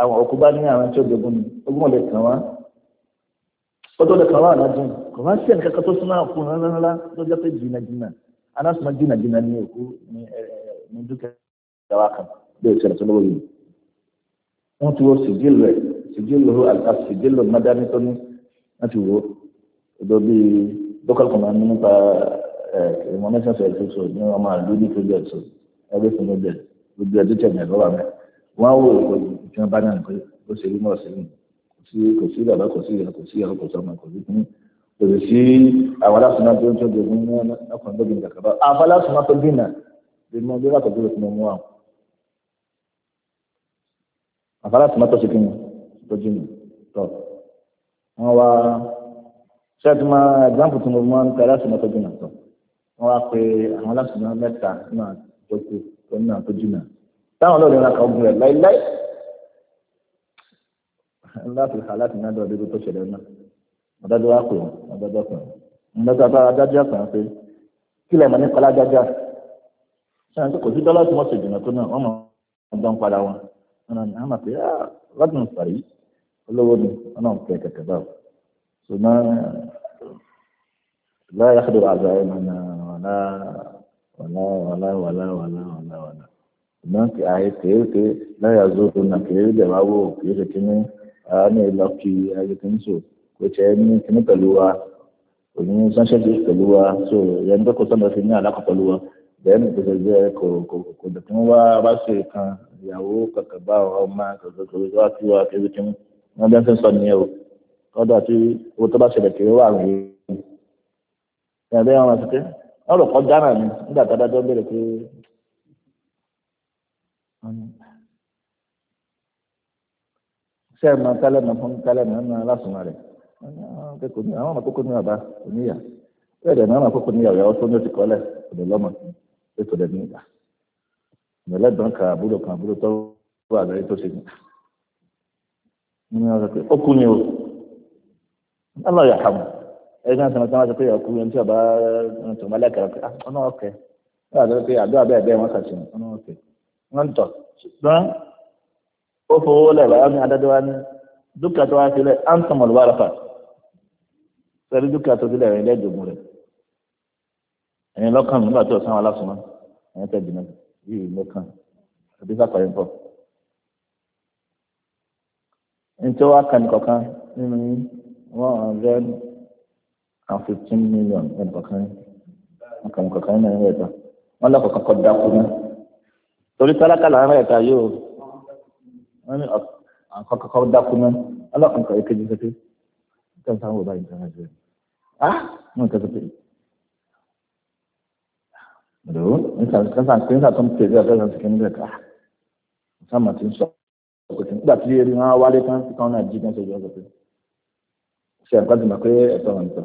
[SPEAKER 1] àwọn òkú bá ní àwọn tí ó dogun ni ogún ọ̀lẹ̀ kàn wá ó tó lè kàn wá àlájùn kò wá sí ẹnì kankan tó súnmọ́ òkú ńlá ńlá tó jẹ́ pé jìnnà jìnnà alásùnmọ́ jìnnà jìnnà ní òkú ní dúkìá wa kan bí o ṣẹlẹ̀ tó lówó yìí wọ́n ti wo sìgìlù rẹ̀ sìgìlù àsìgìlù mádání information service so ní ọmọ àdúgbò project so everything ló bẹ̀rẹ̀ gbogbo ẹ̀dùn tẹ̀lé ẹ̀rọ wà mẹ́ wọ́n wò ìpín bá náà pé ó ṣe rí mọ́ sí mi kò sí kò sí bàbá kò sí ìyá kò sí ìyàwó kò sí ọmọ kò sí kí kò sì sí àwọn aláṣùmá tó ń tó gbogbo ní ọkùnrin tó gbìyànjú kàbá àwọn aláṣùmá tó gbìyànjú lè mọ bí wàá tó gbogbo fún ọmọ àwọn àwọn aláṣùmá tó ṣe kí ni tó jí wọ́n wá pé àwọn aláṣùmọ̀ mẹ́ta náà tó kù tó náà tó jìnnà táwọn ọlọ́run ra kan gun ẹ̀ láíláí láti hà láti náà dọ̀ débi tó ṣẹlẹ̀ náà ọ̀dájọ́ wa pè wọ́n ọ̀dájọ́ pè wọ́n ọ̀dájọ́ bá adájọ́ pè wọ́n pé kí lọ́mọ ní kọ́lá dájá ṣáà kò sí dọ́là tí wọ́n ṣe jìnnà tó náà wọ́n mọ̀ ọ̀dọ́n padà wọn wọn náà ní àmà pé lọ́dún ah, sàrí olówó ni wọn náà kẹ̀ báwò ṣùgbọ́n láyé àdúrà àgbà ẹ̀ náà wala wala wala wala wala wala wala ṣùgbọ́n àyè kéèké lẹ́yà zoro na kéèké dẹ̀ wá wò kéèké kíní ní ìlọ kí ayé kíní so kò tẹ́ ní kíní pẹ̀lú wa òní sánṣẹ́ bí pẹ̀lú wa so yẹn tó kò sọ́nà fi ní àlákọ̀ pẹ̀lú wa bẹ́ẹ̀ni gbèsè jẹ́ kò kò kò dùn wá bá ṣe kan ìyàwó kàkà bá ọmọ kàkà kò wá kí wa kéèké kíní wọ́n bẹ́ẹ̀ fi sọ nìyẹn o kọ́dọ̀ àti owó tó bá ṣẹlẹ̀ kéré wà rèé ọ̀rọ̀ kọjá náà ni nígbà tó adájọ́ bẹ̀rẹ̀ pé sẹ́ẹ̀mọ tálẹ́mọ fún tálẹ́mọ nínú alásùnmọ̀ rẹ̀ ah, àwọn ọmọ kókó ní bàbá oníyà bẹ́ẹ̀ dẹ̀ ní àwọn kókó níyàwó yàwó tó ní oṣù kọ́lẹ̀ ọ̀dọ̀ lọ́mọ ètò rẹ̀ ní ìgbà ìmọ̀lẹ́gbọ̀n kan àbúrò kan àbúrò tó wà lórí tó ṣe ní ọ̀rọ̀ ó kú ni o Allah yarhamu ẹgbẹ́ sọ̀rọ̀ tí wọ́n sọ pé ọkù yẹn tí ọba tó máa lẹ́kẹ̀ẹ́ ọkẹ́ ah, ọ̀nà ọ̀kẹ́ wọ́n sọ pé àdúrà bẹ́ẹ̀ bẹ́ẹ̀ wọ́n kà sí ọ̀nà ọ̀kẹ́ wọ́n tọ̀ ṣùgbọ́n ó fowó lẹ́wà á ní adájọ́ wa ní dúkìá tó wá sílẹ̀ á ń tàn mọ̀ lọ́wọ́ àràfà sẹ́rí dúkìá tó sílẹ̀ rẹ̀ lẹ́jọ̀gùn rẹ̀ ẹ̀yin lọ́kàn mi nígbà tí ọ̀sán wa lásùnmọ́ ẹ̀yin tẹ̀ jìnnà yìí lọ́kàn àbí sàkọ̀yìn pọ̀ ní tí wọ́n á kàn ní kọ̀ọ̀kan nínú yín wọ́n ọ̀rẹ́ kan fifteen million ẹ̀bùn kan àkànkàn kan náà ẹ̀ta wọ́n lọ́kọ̀ kankan dákú náà torí tálákà láàárín ẹ̀ta yóò wọ́n ní àkàn kankan dákú náà ọlọ́kàn kan èkejì kété nítorí táwọn ò bá yìí dáná jù ah mú nǹkan kété lò ó nígbà tí wọ́n ti ń sàtún pèsè àtẹ́sán ti kéde ẹ̀ka sáàmà ti ń sọ ọ̀pẹ̀tẹ̀ nígbà tí eré wọn wálé tán ti kàn náà jí kí wọ́n ṣe ìjọba pé ṣe àgbàdìmọ̀ pé ẹ̀tọ́ wọn ń tọ́.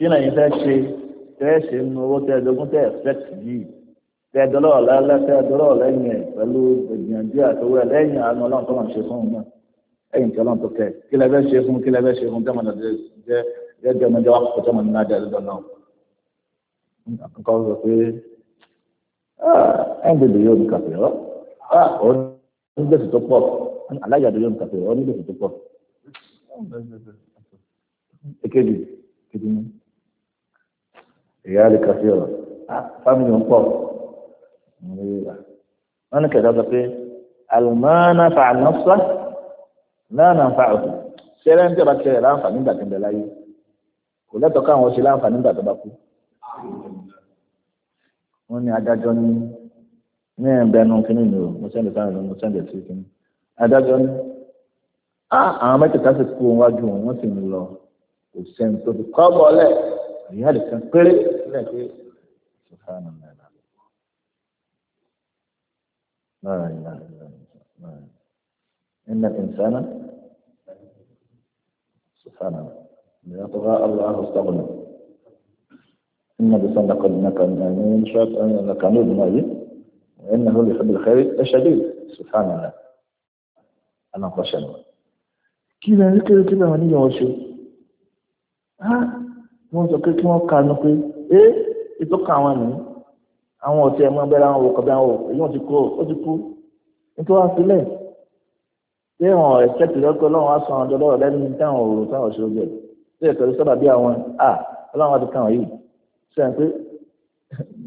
[SPEAKER 1] kí ni ẹ̀yin fẹ́ ṣe tẹ́ ṣe ń owó tẹ́ ẹ̀dógún tẹ́ expect yìí tẹ́ ẹ̀dọ́lọ́wọ̀ lálẹ́ tẹ́ ẹ̀dọ́lọ́wọ̀ lẹ́yìn ẹ̀ pẹ̀lú ìgbìyànjú àtọwọ́ ẹ̀ lẹ́yìn àánú ọlọ́run tó ń ṣe fún un náà ẹ̀yìn tí ọlọ́run tó kẹ́ kí lẹ fẹ́ ṣe fún kí lẹ fẹ́ ṣe fún tẹ́mọ̀ náà jẹ́ jẹ́ jẹ́ ọmọdé wa kọ̀ tẹ́mọ̀ náà jẹ́ ẹ̀dọ́ náà. nǹkan sọ pé ah, ẹ̀ ń gbèdè yóò ní kàfé ọ́ ọ́ ah, ní gbèsè tó pọ̀ aláyàdó yóò ìyá lè kà sí ọ̀rọ̀ ah, fámìlì ń pọ̀ ah. wọ́n ní kẹ̀kẹ́ sọ pé àlùmọ́ọ́nà fàánọ́sọ́ náà nà ń fa òkú ṣẹlẹ̀ ń tẹ̀ra ṣẹlẹ̀ láǹfààní ìgbà tó ń bẹ láyé kò lẹ́tọ̀ọ́ káwọn ṣe láǹfààní ìgbà tó bá kú. wọ́n ní adájọ́ ní ní ẹ̀ńbẹ́nu kínní ni o mo sẹ́ndẹ̀ sáwọn ìlú mo sẹ́ndẹ̀ sí kínní adájọ́ ní ah, àwọn mẹ́tẹ̀ẹ̀ta sì kú wájú wọn sì ń lọ kò sẹ́ni kọ́ bọ́ọ̀lẹ́ لذلك تنقلب لك سبحان الله لا اله الا الله ان الانسان سبحان الله ليطغى الله استغنى ان بصدق انك امين شاف انك عمود مؤيد وانه لحب الخير لشديد سبحان الله انا قشنوا كذا كذا كذا وني وشو ها wọ́n sọ pé kí wọ́n kanu pé é ètò kan àwọn nìyí àwọn ọ̀tí ẹ̀mọ́ abẹ́rẹ́ àwọn òwò kọ̀bí àwọn òwò èyí wọ́n ti kú ó ti kú nítorí wọ́n sílẹ̀ ṣé wọn ẹ̀kẹ́tì lọ́kọ́ lọ́wọ́n á sọ àwọn ọ̀dọ́ lẹ́nu táwọn òwò táwọn òṣèlú jẹ ṣé ẹ̀kọ́ ló sábà bí àwọn à ọlọ́wọ́n ti kàwọn yìí ṣe ń pé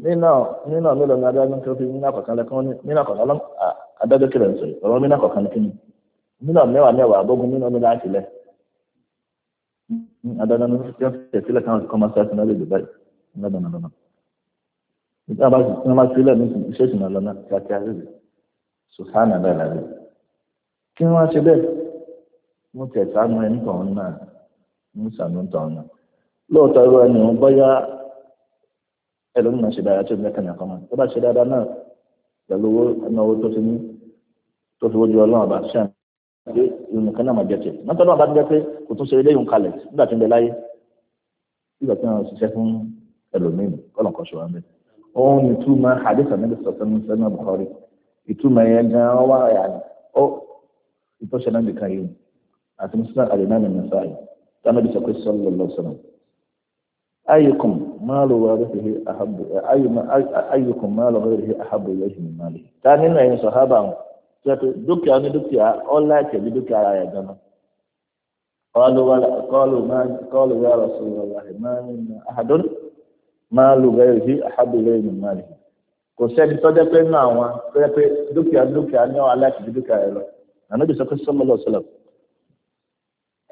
[SPEAKER 1] nínà nínà mélòó ni adájọ́ tó fi nínà kọ̀ọ̀kan lẹ́kọ́ nínà kọ̀ọ̀kan adájọ́ kìlọ̀ ń nínà mẹ́wàá mẹ́wàá bógun nínà mélòó adandan ní kí wọ́n fi sílẹ̀ káwọn kan máa ṣe àṣìná lè lè báyìí lọ́dọ̀nà lọ́nà nígbà bá tí wọ́n bá sílẹ̀ ní iṣẹ́ ìṣìnà lọ́nà kíákíá rèé sùhánà bẹ́ẹ̀ lábẹ́ kí wọ́n ṣe bẹ́ẹ̀ wọ́n tẹ̀ sánú ẹni tọ̀hún náà ń sànú tọ̀hún náà lóòótọ́ irú ẹni òun bọ́yá ẹlòmíì náà ṣe dáadáa tó ń lẹ́kàn yàn kan mọ́ tó bá ṣe dáadáa náà pẹ̀lú owó ẹni owó tó ti ní tó fi wójú ọlọ́run àbá ṣáà pé nǹkan náà máa jẹ tiẹ̀ náà tọ́lá bá ti jẹ́ pé kò tún ṣe eléyìí ń kalẹ̀ nígbà tí ń bẹ láyé nígbà tí wọ́n ṣiṣẹ́ fún ẹlòmíì kọ́lọ̀ kan ṣọ̀rọ̀ mẹ́. òun ni ìtumọ̀ hadith anabi sọ̀tún sẹ́nà Bukhari ìtumọ̀ yẹn gan-an wá yàrá ó ìtọ́ṣẹ́ náà nìkan yìí àti musulman alina ní nasaayi tánàbí sọ pé sọlọ lọ sọlọ ayyukum maalu warihi ahabu ayyukum maalu warihi ahabu yajin maali ta nínú ẹ̀yin sọ̀hábà wọn sọ́tò dúkìá ní dúkìá ọ̀la ẹ̀kẹ́ bí dúkìá ara rẹ̀ gan-an. kọ́ọ̀lù wà Rasulullahi máa ń na àhàdùn máa lù bẹ́ẹ̀ sí àhàbìlẹ̀ ìlú máa rẹ̀. kò sẹ́ni tọ́jẹ́ pé nínú àwọn tọ́jẹ́ pé dúkìá dúkìá ní ọ̀la ẹ̀kẹ́ bí dúkìá rẹ̀ lọ. ànábì sọ pé sọ́mọlọ sọlọ.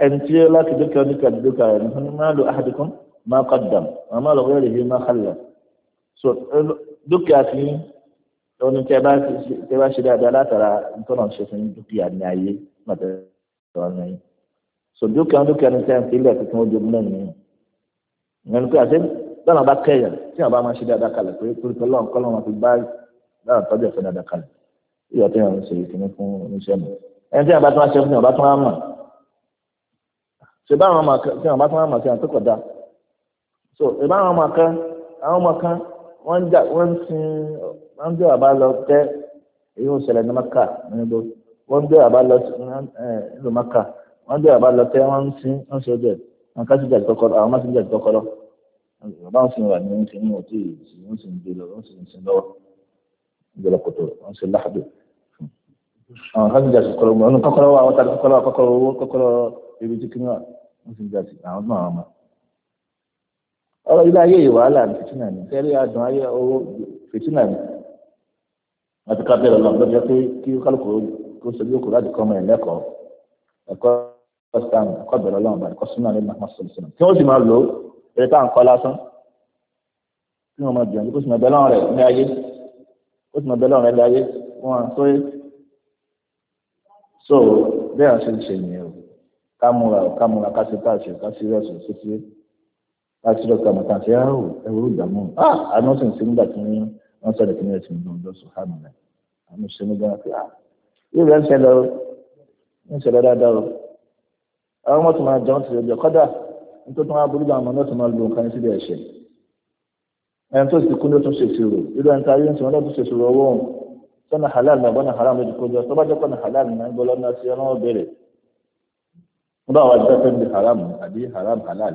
[SPEAKER 1] ẹni tí ó láti dúkìá dúkìá dúkìá rẹ̀ nìkan máa lù àhàdùkún máa kọ́ dàm máa lù bẹ́ẹ̀ ó ní tẹ́ bá tẹ́ bá ṣe dáadáa látara nítorí ṣe fún dúkìá ní ayé mọ̀tẹ́ tọ́ ní. sọ dúkìá dúkìá ní sẹ́yìn tí ilẹ̀ tuntun ojú mọ́ ni. ìyẹn pé àti lọ́nà bá kẹ́yà tí àwọn bá máa ṣe dáadáa kalẹ̀ pé torí pé lọ́nà kọ́lọ́mọ ti bá lọ́nà tọ́jú ẹ̀fẹ́ dáadáa kalẹ̀ ìyọ̀ tí wọ́n ń ṣe ìkíní fún oníṣẹ́ mi. ẹni tí àwọn bá tún wá ṣe fún ọba tún wá mọ̀ ṣe bá àwọn ọmọ kan tí àwọn bá tún wá mọ̀ sí àtúkọ̀dá. ọmọ wọ́n ń jà wọ́n ń sin wọ́n ń bẹ̀rẹ̀ àbá lọ tẹ́ èyí ò ṣẹlẹ̀ ní maka níbo wọ́n ń bẹ̀rẹ̀ àbá lọ nílò maka wọ́n ń bẹ̀rẹ̀ àbá lọ tẹ́ wọ́n ń sin wọ́n ń sọ́jọ́ àwọn kan sì jà kọ́kọ́rọ́ àwọn máa sì jà kọ́kọ́rọ́ bàbá ń sin wà ní ní ní òtí ìsìn ń gbé lọ ń sin lọ́wọ́ ìjọba kòtò ń sin láàdù àwọn kan jà kọ́kọ́rọ́ wọn kọ́kọ́rọ́ wa wọ́n ta ọ̀rọ̀ ilé ayé ìwàhálà ní fìtínà ní kẹrí adùn ayé owó fìtínà ní àti ká bẹ̀rẹ̀ lọ́wọ́ lọ́jọ́ pé kí kálukú kó sojú òkú láti kọ́ ọmọ ẹ̀ lẹ́kọ̀ọ́ ẹ̀kọ́ ọ̀sán ẹ̀kọ́ bẹ̀rẹ̀ lọ́wọ́ bá ẹ̀kọ́ súnmọ́ ní màmá sọ̀rọ̀ kí wọ́n sì máa lò ó eré tá à ń kọ́ lásán kí wọ́n máa gbìyànjú kó sì máa bẹ lọ́rùn rẹ̀ ní ayé kó sì máa bẹ lọ́rùn rẹ̀ ní ayé wọ́n á tó so bẹ́ẹ̀ ṣe ń ṣe nìyẹn o ká múra ká múra ká ṣe ká ṣe ká ṣe rẹ̀ sùn sí láti dọ́kítà màtá àti àrò ẹ̀rọ ìdààmú ah àná sì ń ṣe nígbà tí wọ́n sọ̀rọ̀ kí ní ẹ̀sìn ìdùnnú lọ́sùn hàmì rẹ̀ àmì ṣe nígbà pé ah yóò rẹ̀ ń ṣẹlẹ̀ o ń ṣẹlẹ̀ dáadáa o àwọn ọmọ tó máa jẹun ti rẹ̀ jẹ kọ́dà nítorí wọn aburú bá àwọn ọmọ náà tó máa lo nǹkan síbi ẹ̀ṣẹ̀ ẹni tó sì kú ló tún ṣèṣirò irú ẹni tá a yé ń sọ wọn náà tún ṣèṣirò owó òun halal náà bọ́nà haram ló ti kó jọ tó halal náà ń bọ́ lọ́nà sí ọlọ́wọ́ bẹ̀rẹ̀ wọ́n bá wà á dẹ́pẹ́ ní haram àbí haram halal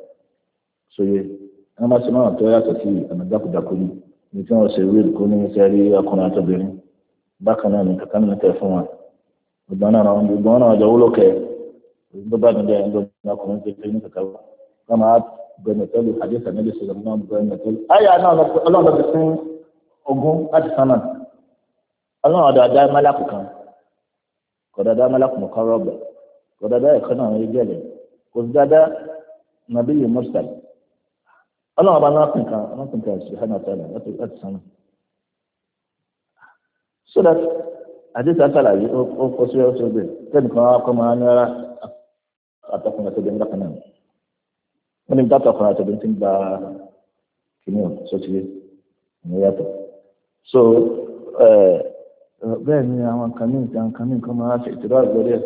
[SPEAKER 1] sóye wọn bá ṣe máa tó yàtọ̀ sí ọ̀nà jákujàku yìí ní tí wọ́n ṣe wíìlì kó ní sẹ́rí ọkùnrin àtọ́bìnrin bákan náà ní kàkà nínú tẹ̀ fún wa ìgbọ́n náà ìgbọ́n náà ọjọ́ wúlò kẹ ìgbọ́n bá dundun ẹ̀ ń dọ́gbọ́n ọkùnrin kékeré ní kàkà wà wọ́n máa gbẹ̀mẹ̀ tẹ́lu àdéhùn àmẹ́lẹ́ sọ̀rọ̀ náà gbẹ̀mẹ̀ tẹ́lu ayà náà ọlọ́run ti fún ogun láti sánà ọlọ́run ọ̀dọ̀ adá mẹ́lákù kan kọ̀dọ̀ adá mẹ́lákù mọ̀kọ́ rọ́bà kọ̀dọ̀ adá ẹ̀kọ́ náà ń rí gẹ̀lẹ̀ kò sí dáadáa nàbíyì mọ́sálì ọlọ́run ọba náà pín náà pín kan sí láti sánà so that àdéhùn àtàlàyé ó kọ sí ọsẹ ọgbẹ kẹ́nìkan akọ máa ní ara àtọkùn àtọbẹ ńlá kan náà wọ́n ní dátàkùn àtọbẹ ti ń gba kìnìún sọ́tìlẹ̀ ní yàtọ̀ so bẹ́ẹ̀ ni àwọn kan ní nǹkan kan ní nǹkan máa ṣe ìtura àgbẹ̀rẹ̀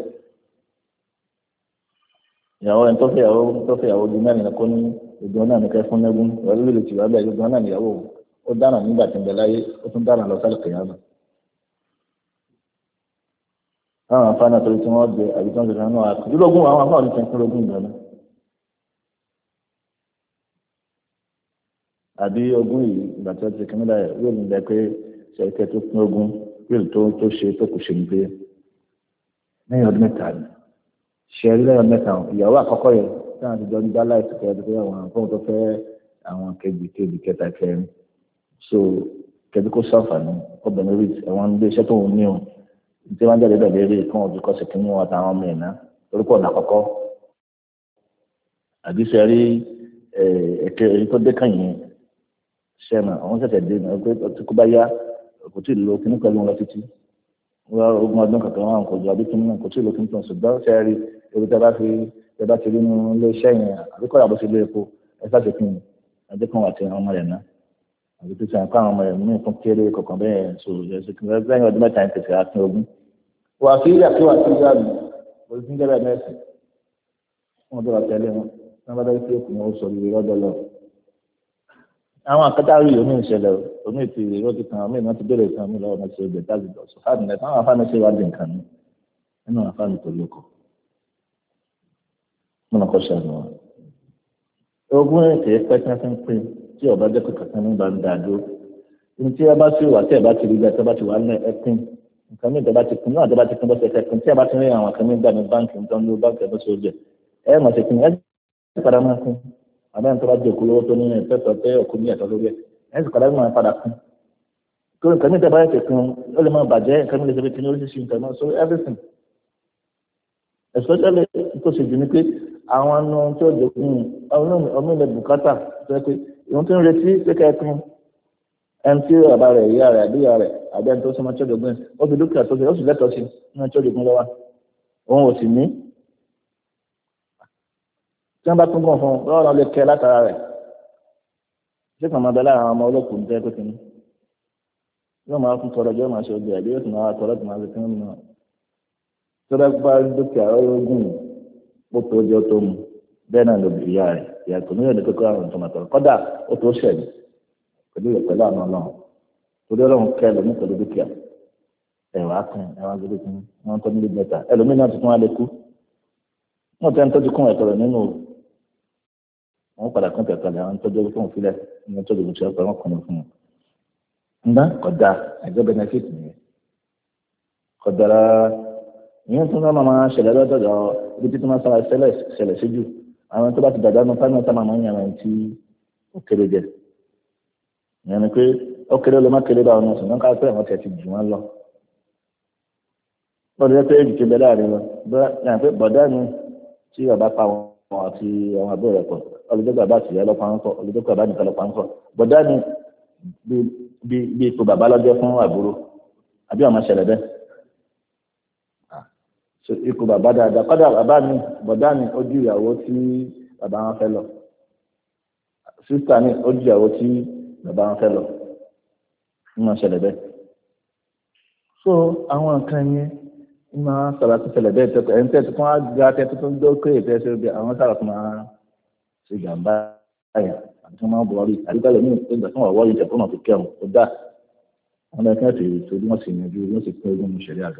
[SPEAKER 1] ìyàwó ẹni tó fẹ́ ìyàwó tó fẹ́ ìyàwó di mẹ́rin kó gbogbo náà ní kẹ́ fún lẹ́gùn orílẹ̀-èdè tìwá bẹ́ẹ̀ gbogbo náà níyàwó ó dára nígbà tí ń bẹ láyé ó tún dára lọ sálẹ̀ kẹ̀yà náà. táwọn afáàná torí tí wọ́n bẹ àbí tí wọ́n bẹ̀rẹ̀ náà àtúndínlógún àwọn afáà ní kẹ́kẹ́ lógún ìgbàlá. àbí ogún yìí ìgbà tí wọ́n ti kí nílẹ̀ yóò ní bẹ pé ṣẹ̀kẹ́ tó pín ogún yóò tó tó ṣe tó kù ṣe ní pé lẹ́yìn ọdún mẹ́ta ni ṣẹ̀rí lẹ́yìn mẹ́ta ìyàwó àkọ́kọ́ yẹn tí wọ́n ti jọ ń dá láìsí pé ẹ̀dùn àwọn àǹfọ̀n tó fẹ́ àwọn kejì kejì kẹta kẹrin so kẹbi kó sàǹfààní obìnrin rí àwọn ilé iṣẹ́ tó ń ní o tí wọ́n jáde dàbí eré kan ojú kọsí kínní wọn àtàwọn ọmọ ìná orúkọ ọ̀nà àkọ́kọ́ àdìsẹ́ rí ẹ̀kẹ́ èyí tó dé kàyìn sẹ́nà àwọn ṣẹ̀ṣẹ̀ dé náà pé tí kò bá yá kò tí ì lo kíní pẹ̀lú wọn lọ títí wọ́n ogún ọdún kankan wọn kò jọ àbí kíní kò tí ì lo kíní pẹ̀lú ṣùgbọ́n ṣẹ́ẹ̀rí ebi tá a bá fi tẹ bá ti rí inú iléeṣẹ́ yẹn àbíkọ́ ìyàbọ̀ sí ilé epo ẹ sáà ti pín in ẹjẹ́ kan wà tí àwọn ọmọ rẹ̀ ná àbí tó ti hàn pé àwọn ọmọ rẹ̀ mú nǹkan kéré kọ̀ọ̀kan bẹ́ẹ̀ so lẹ́yìn ọdún mẹ́ta yẹn tẹ̀sí àti ogún. wà á fi ilé àti wà á fi ilé àlù orí fún jẹ́rẹ̀ mẹ́sìn wọn bẹ̀rẹ̀ tẹ́lẹ̀ wọn wọn bá dájú pé kùn ó sọ ìrírí lọ́dọ̀ lọ. àwọn akátárì omi ìṣẹ̀lẹ̀ omi ìtì ìrọ́jú kan omi ìrántí bẹ̀rẹ̀ kan omi lọ́wọ́ mẹ́sẹ̀ ọ̀gbẹ̀ táàbì lọ sọ fáàmì lẹ́tọ́ àwọn afáàmì múnà kọ́ ṣàánú wa. ogún ẹ̀kẹ́ pẹ́ tí wọ́n pín tí ọba jẹ́ pẹ̀kẹ́ kan nígbà ń dáadó ní tí wọ́n bá sì wà tí ẹ̀ bá ti rí gbàtí bá ti wà ní ẹ̀pín nǹkan mi ìjọba ti pín náà ìjọba ti pín bọ́sẹ̀ kẹ́kẹ́ tí a bá ti rí àwọn kan nígbà ní báńkì nítorí ní báńkì ẹ̀dọ́ sí ojú ẹ̀ ẹ̀ mọ̀ sí pín ẹ̀ padà máa pín àbẹ́ nǹkan bá di òkú tó ní ìfẹ́tọ̀ àwọn nu tí ó jẹ fún un ọmọ ilẹ̀ bùkátà jẹ́ pé ìwọ́n tó ń retí pé kẹ́kún ẹni tí bàbá rẹ̀ ìyá rẹ̀ àbíyá rẹ̀ àbí ẹni tó sọmọ tí ó jẹ fún un ó fi dúkìá tó fi ó sì lẹ́tọ̀ọ́ sí nínú tí ó jẹ fún lọ́wọ́ òun ò sì ní. tí wọ́n bá tún gàn fún un lọ́wọ́ lè kẹ́ látara rẹ̀ ṣé kàn máa bẹ láàrin àwọn ọmọ olókùn jẹ́ pé kìíní yóò máa fún tọrọ yóò máa ṣe oge àbí yóò sì máa tọrọ tó máa ṣe kí bó tó jẹ́ ó tó mu bẹ́ẹ̀ náà lóbi ìyá rẹ̀ ìyá kò nílò ní kókó àrùn tòmátò kọ́dà ó tó ṣẹ̀lẹ̀ pẹ̀lú rẹ̀ pẹ̀lú àwọn ọlọ́run torí ọlọ́run kẹ́ ẹlòmí pẹ̀lú dúkìá ẹ̀wà kan ẹ̀wà gbẹdẹ kan wọn tó nílé mẹ́ta ẹlòmí náà tuntun wá lè kú wọn tẹ́ ń tọ́jú kún ẹ̀tọ́ rẹ̀ nínú wọn padà kún tẹ̀tọ́ rẹ̀ àwọn tọ́jú fún òfilẹ̀ ní tọ́jú ní sọ́kọ̀ wọn kàn fún un. ǹdá kọ̀dà ẹ̀jẹ̀ benefit nìyẹn kọ̀dà rárá ìyẹn tó máa máa ṣẹlẹ̀ lọ́dọ̀dọ̀ ibi títí máa sára ṣẹlẹ̀ ṣẹlẹ̀ síjú àwọn tó bá ti dàgbà náà fáwọn táwọn máa ń yàrá tí ó jẹ ìyẹn ni pé ó kéré ló má kéré bá wọn sùn náà ká pé àwọn tiẹ̀ ti jù wọn lọ. wọ́n ti pé èjì bẹ láàrin lọ yàrá pé bọ̀dá ni tí ọba pa wọn àti àwọn àbúrò rẹ̀ pọ̀ olùdókòwò àbá tìyẹ lọ́pàá ń kọ́ olùdókòwò àbá nìkan lọ́pàá ń kọ́ bọ̀dá ni bí ipò bàbá lọ́jọ́ fún àbúrò àbí ọmọ ikú bàbá dáadáa kọ́dà bàbá mi bọ̀dá mi ó ju ìyàwó tí bàbá wọn fẹ́ lọ sísítà mi ó ju ìyàwó tí bàbá wọn fẹ́ lọ nínú ọ̀ṣẹ̀lẹ̀ bẹ́ẹ̀. so àwọn nǹkan yẹn ń máa sọ̀rọ̀ tó ṣẹlẹ̀ bẹ́ẹ̀ tẹ́tọ̀ ẹni tẹ́tọ̀ fún àgbà tẹ́tọ̀ tó ń dó kéè tẹ́tọ̀ bí àwọn sọ̀rọ̀ fún máa ṣe jàǹbá àyà àti wọn máa bọ̀ rí àdúgbò mi nígbà tí wọn wọ́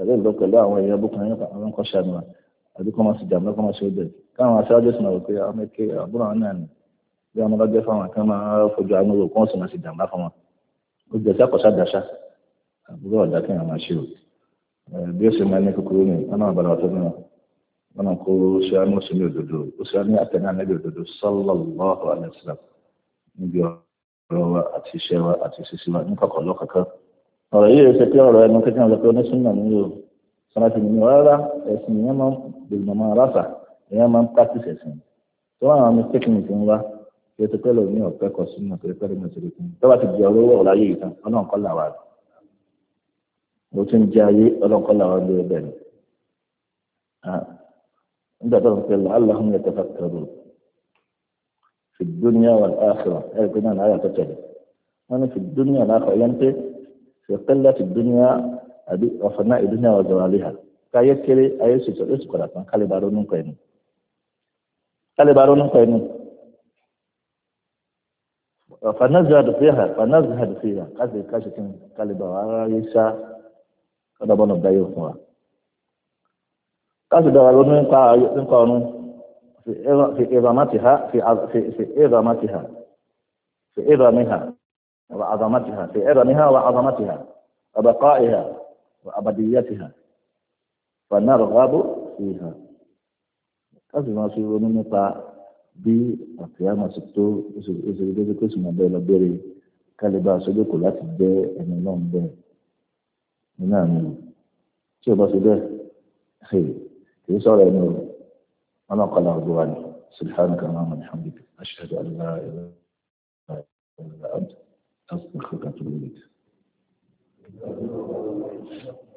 [SPEAKER 1] ẹ̀rẹ́ ìlọ pẹ̀lú àwọn èèyàn bó kan yẹn àwọn kan ṣàmì wa àbí kọ́ máa ṣe jàmbá kọ́ máa ṣe ọdẹ káwọn aṣáájú sì máa wò pé àwọn ẹ̀kẹ́ àbúrò àwọn náà ni bí wọn bá jẹ́ fáwọn kan máa fojú àwọn ọ̀rọ̀ kan sì máa ṣe jàmbá fún wọn ó jẹ́ sí àkọ́ṣà dáṣà àbúrò ọ̀dà kí wọn máa ṣe o bí ó ṣe máa ní kúkúrú ni wọn náà balọ̀ tó sallallahu alaihi wasallam níbi ọ̀rọ̀ wa àti iṣẹ́ wa àti ìṣesí wa ọ̀rọ̀ yìí ṣe pé ọ̀rọ̀ ẹnu kékeré ọ̀rọ̀ pé oníṣúná ni yóò sọ́nàtì nínú rárá ẹ̀sìn ìyẹn máa ń dènà máa ráṣà ìyẹn máa ń practice ẹ̀sìn tó àwọn ọmọ kékeré ti ń wá kí ẹtù pẹ́lú ní ọ̀pẹ́ kọ sínú pé pẹ́lú ní ìṣòro kí tọ́ba ti di ọlọ́wọ́ ọ̀la yìí tán ọlọ́run kọ́ làwà rẹ̀ mo ti ń jẹ ayé ọlọ́run kọ́ làwà rẹ̀ ni nígbà tó ń pẹ́ lọ aláhùn yẹn fi dúnìá wà láàfin ẹ̀rọ pé náà náà tó tẹ̀lé wọ́n ní fi dúnìá láàfin ẹ̀yẹ́ ń pé fi qillati dunya àbí ọ̀fọ̀nà ìdúnyà wa zawaliha káyé kéré ayé sèso yóò sì padà tán kálíbà ronú kọ ẹnu kálíbà ronú kọ ẹnu fanazihadu fiha fanazihadu fiha káṣí káṣí kí n kálíbà wa ara yé sá kọ́dọ̀ bọ́nà bá yóò fún wa káṣí dára ronú nípa ọ̀run fi ìrọ̀mátìhá fi ìrọ̀mátìhá fi ìrọ̀míhá. وعظمتها في عظمها وعظمتها وبقائها وأبديتها فنرغب فيها كذلك نصيب من نطاع بي وقيامة ستو إسر إسر إسر إسر إسر إسر كالبا سدو كلات بي إن اللون بي منام شو بس بي خير في سورة أنا قال الله سبحانك اللهم الحمد أشهد أن لا إله إلا أنت أصبحك أتوب إليك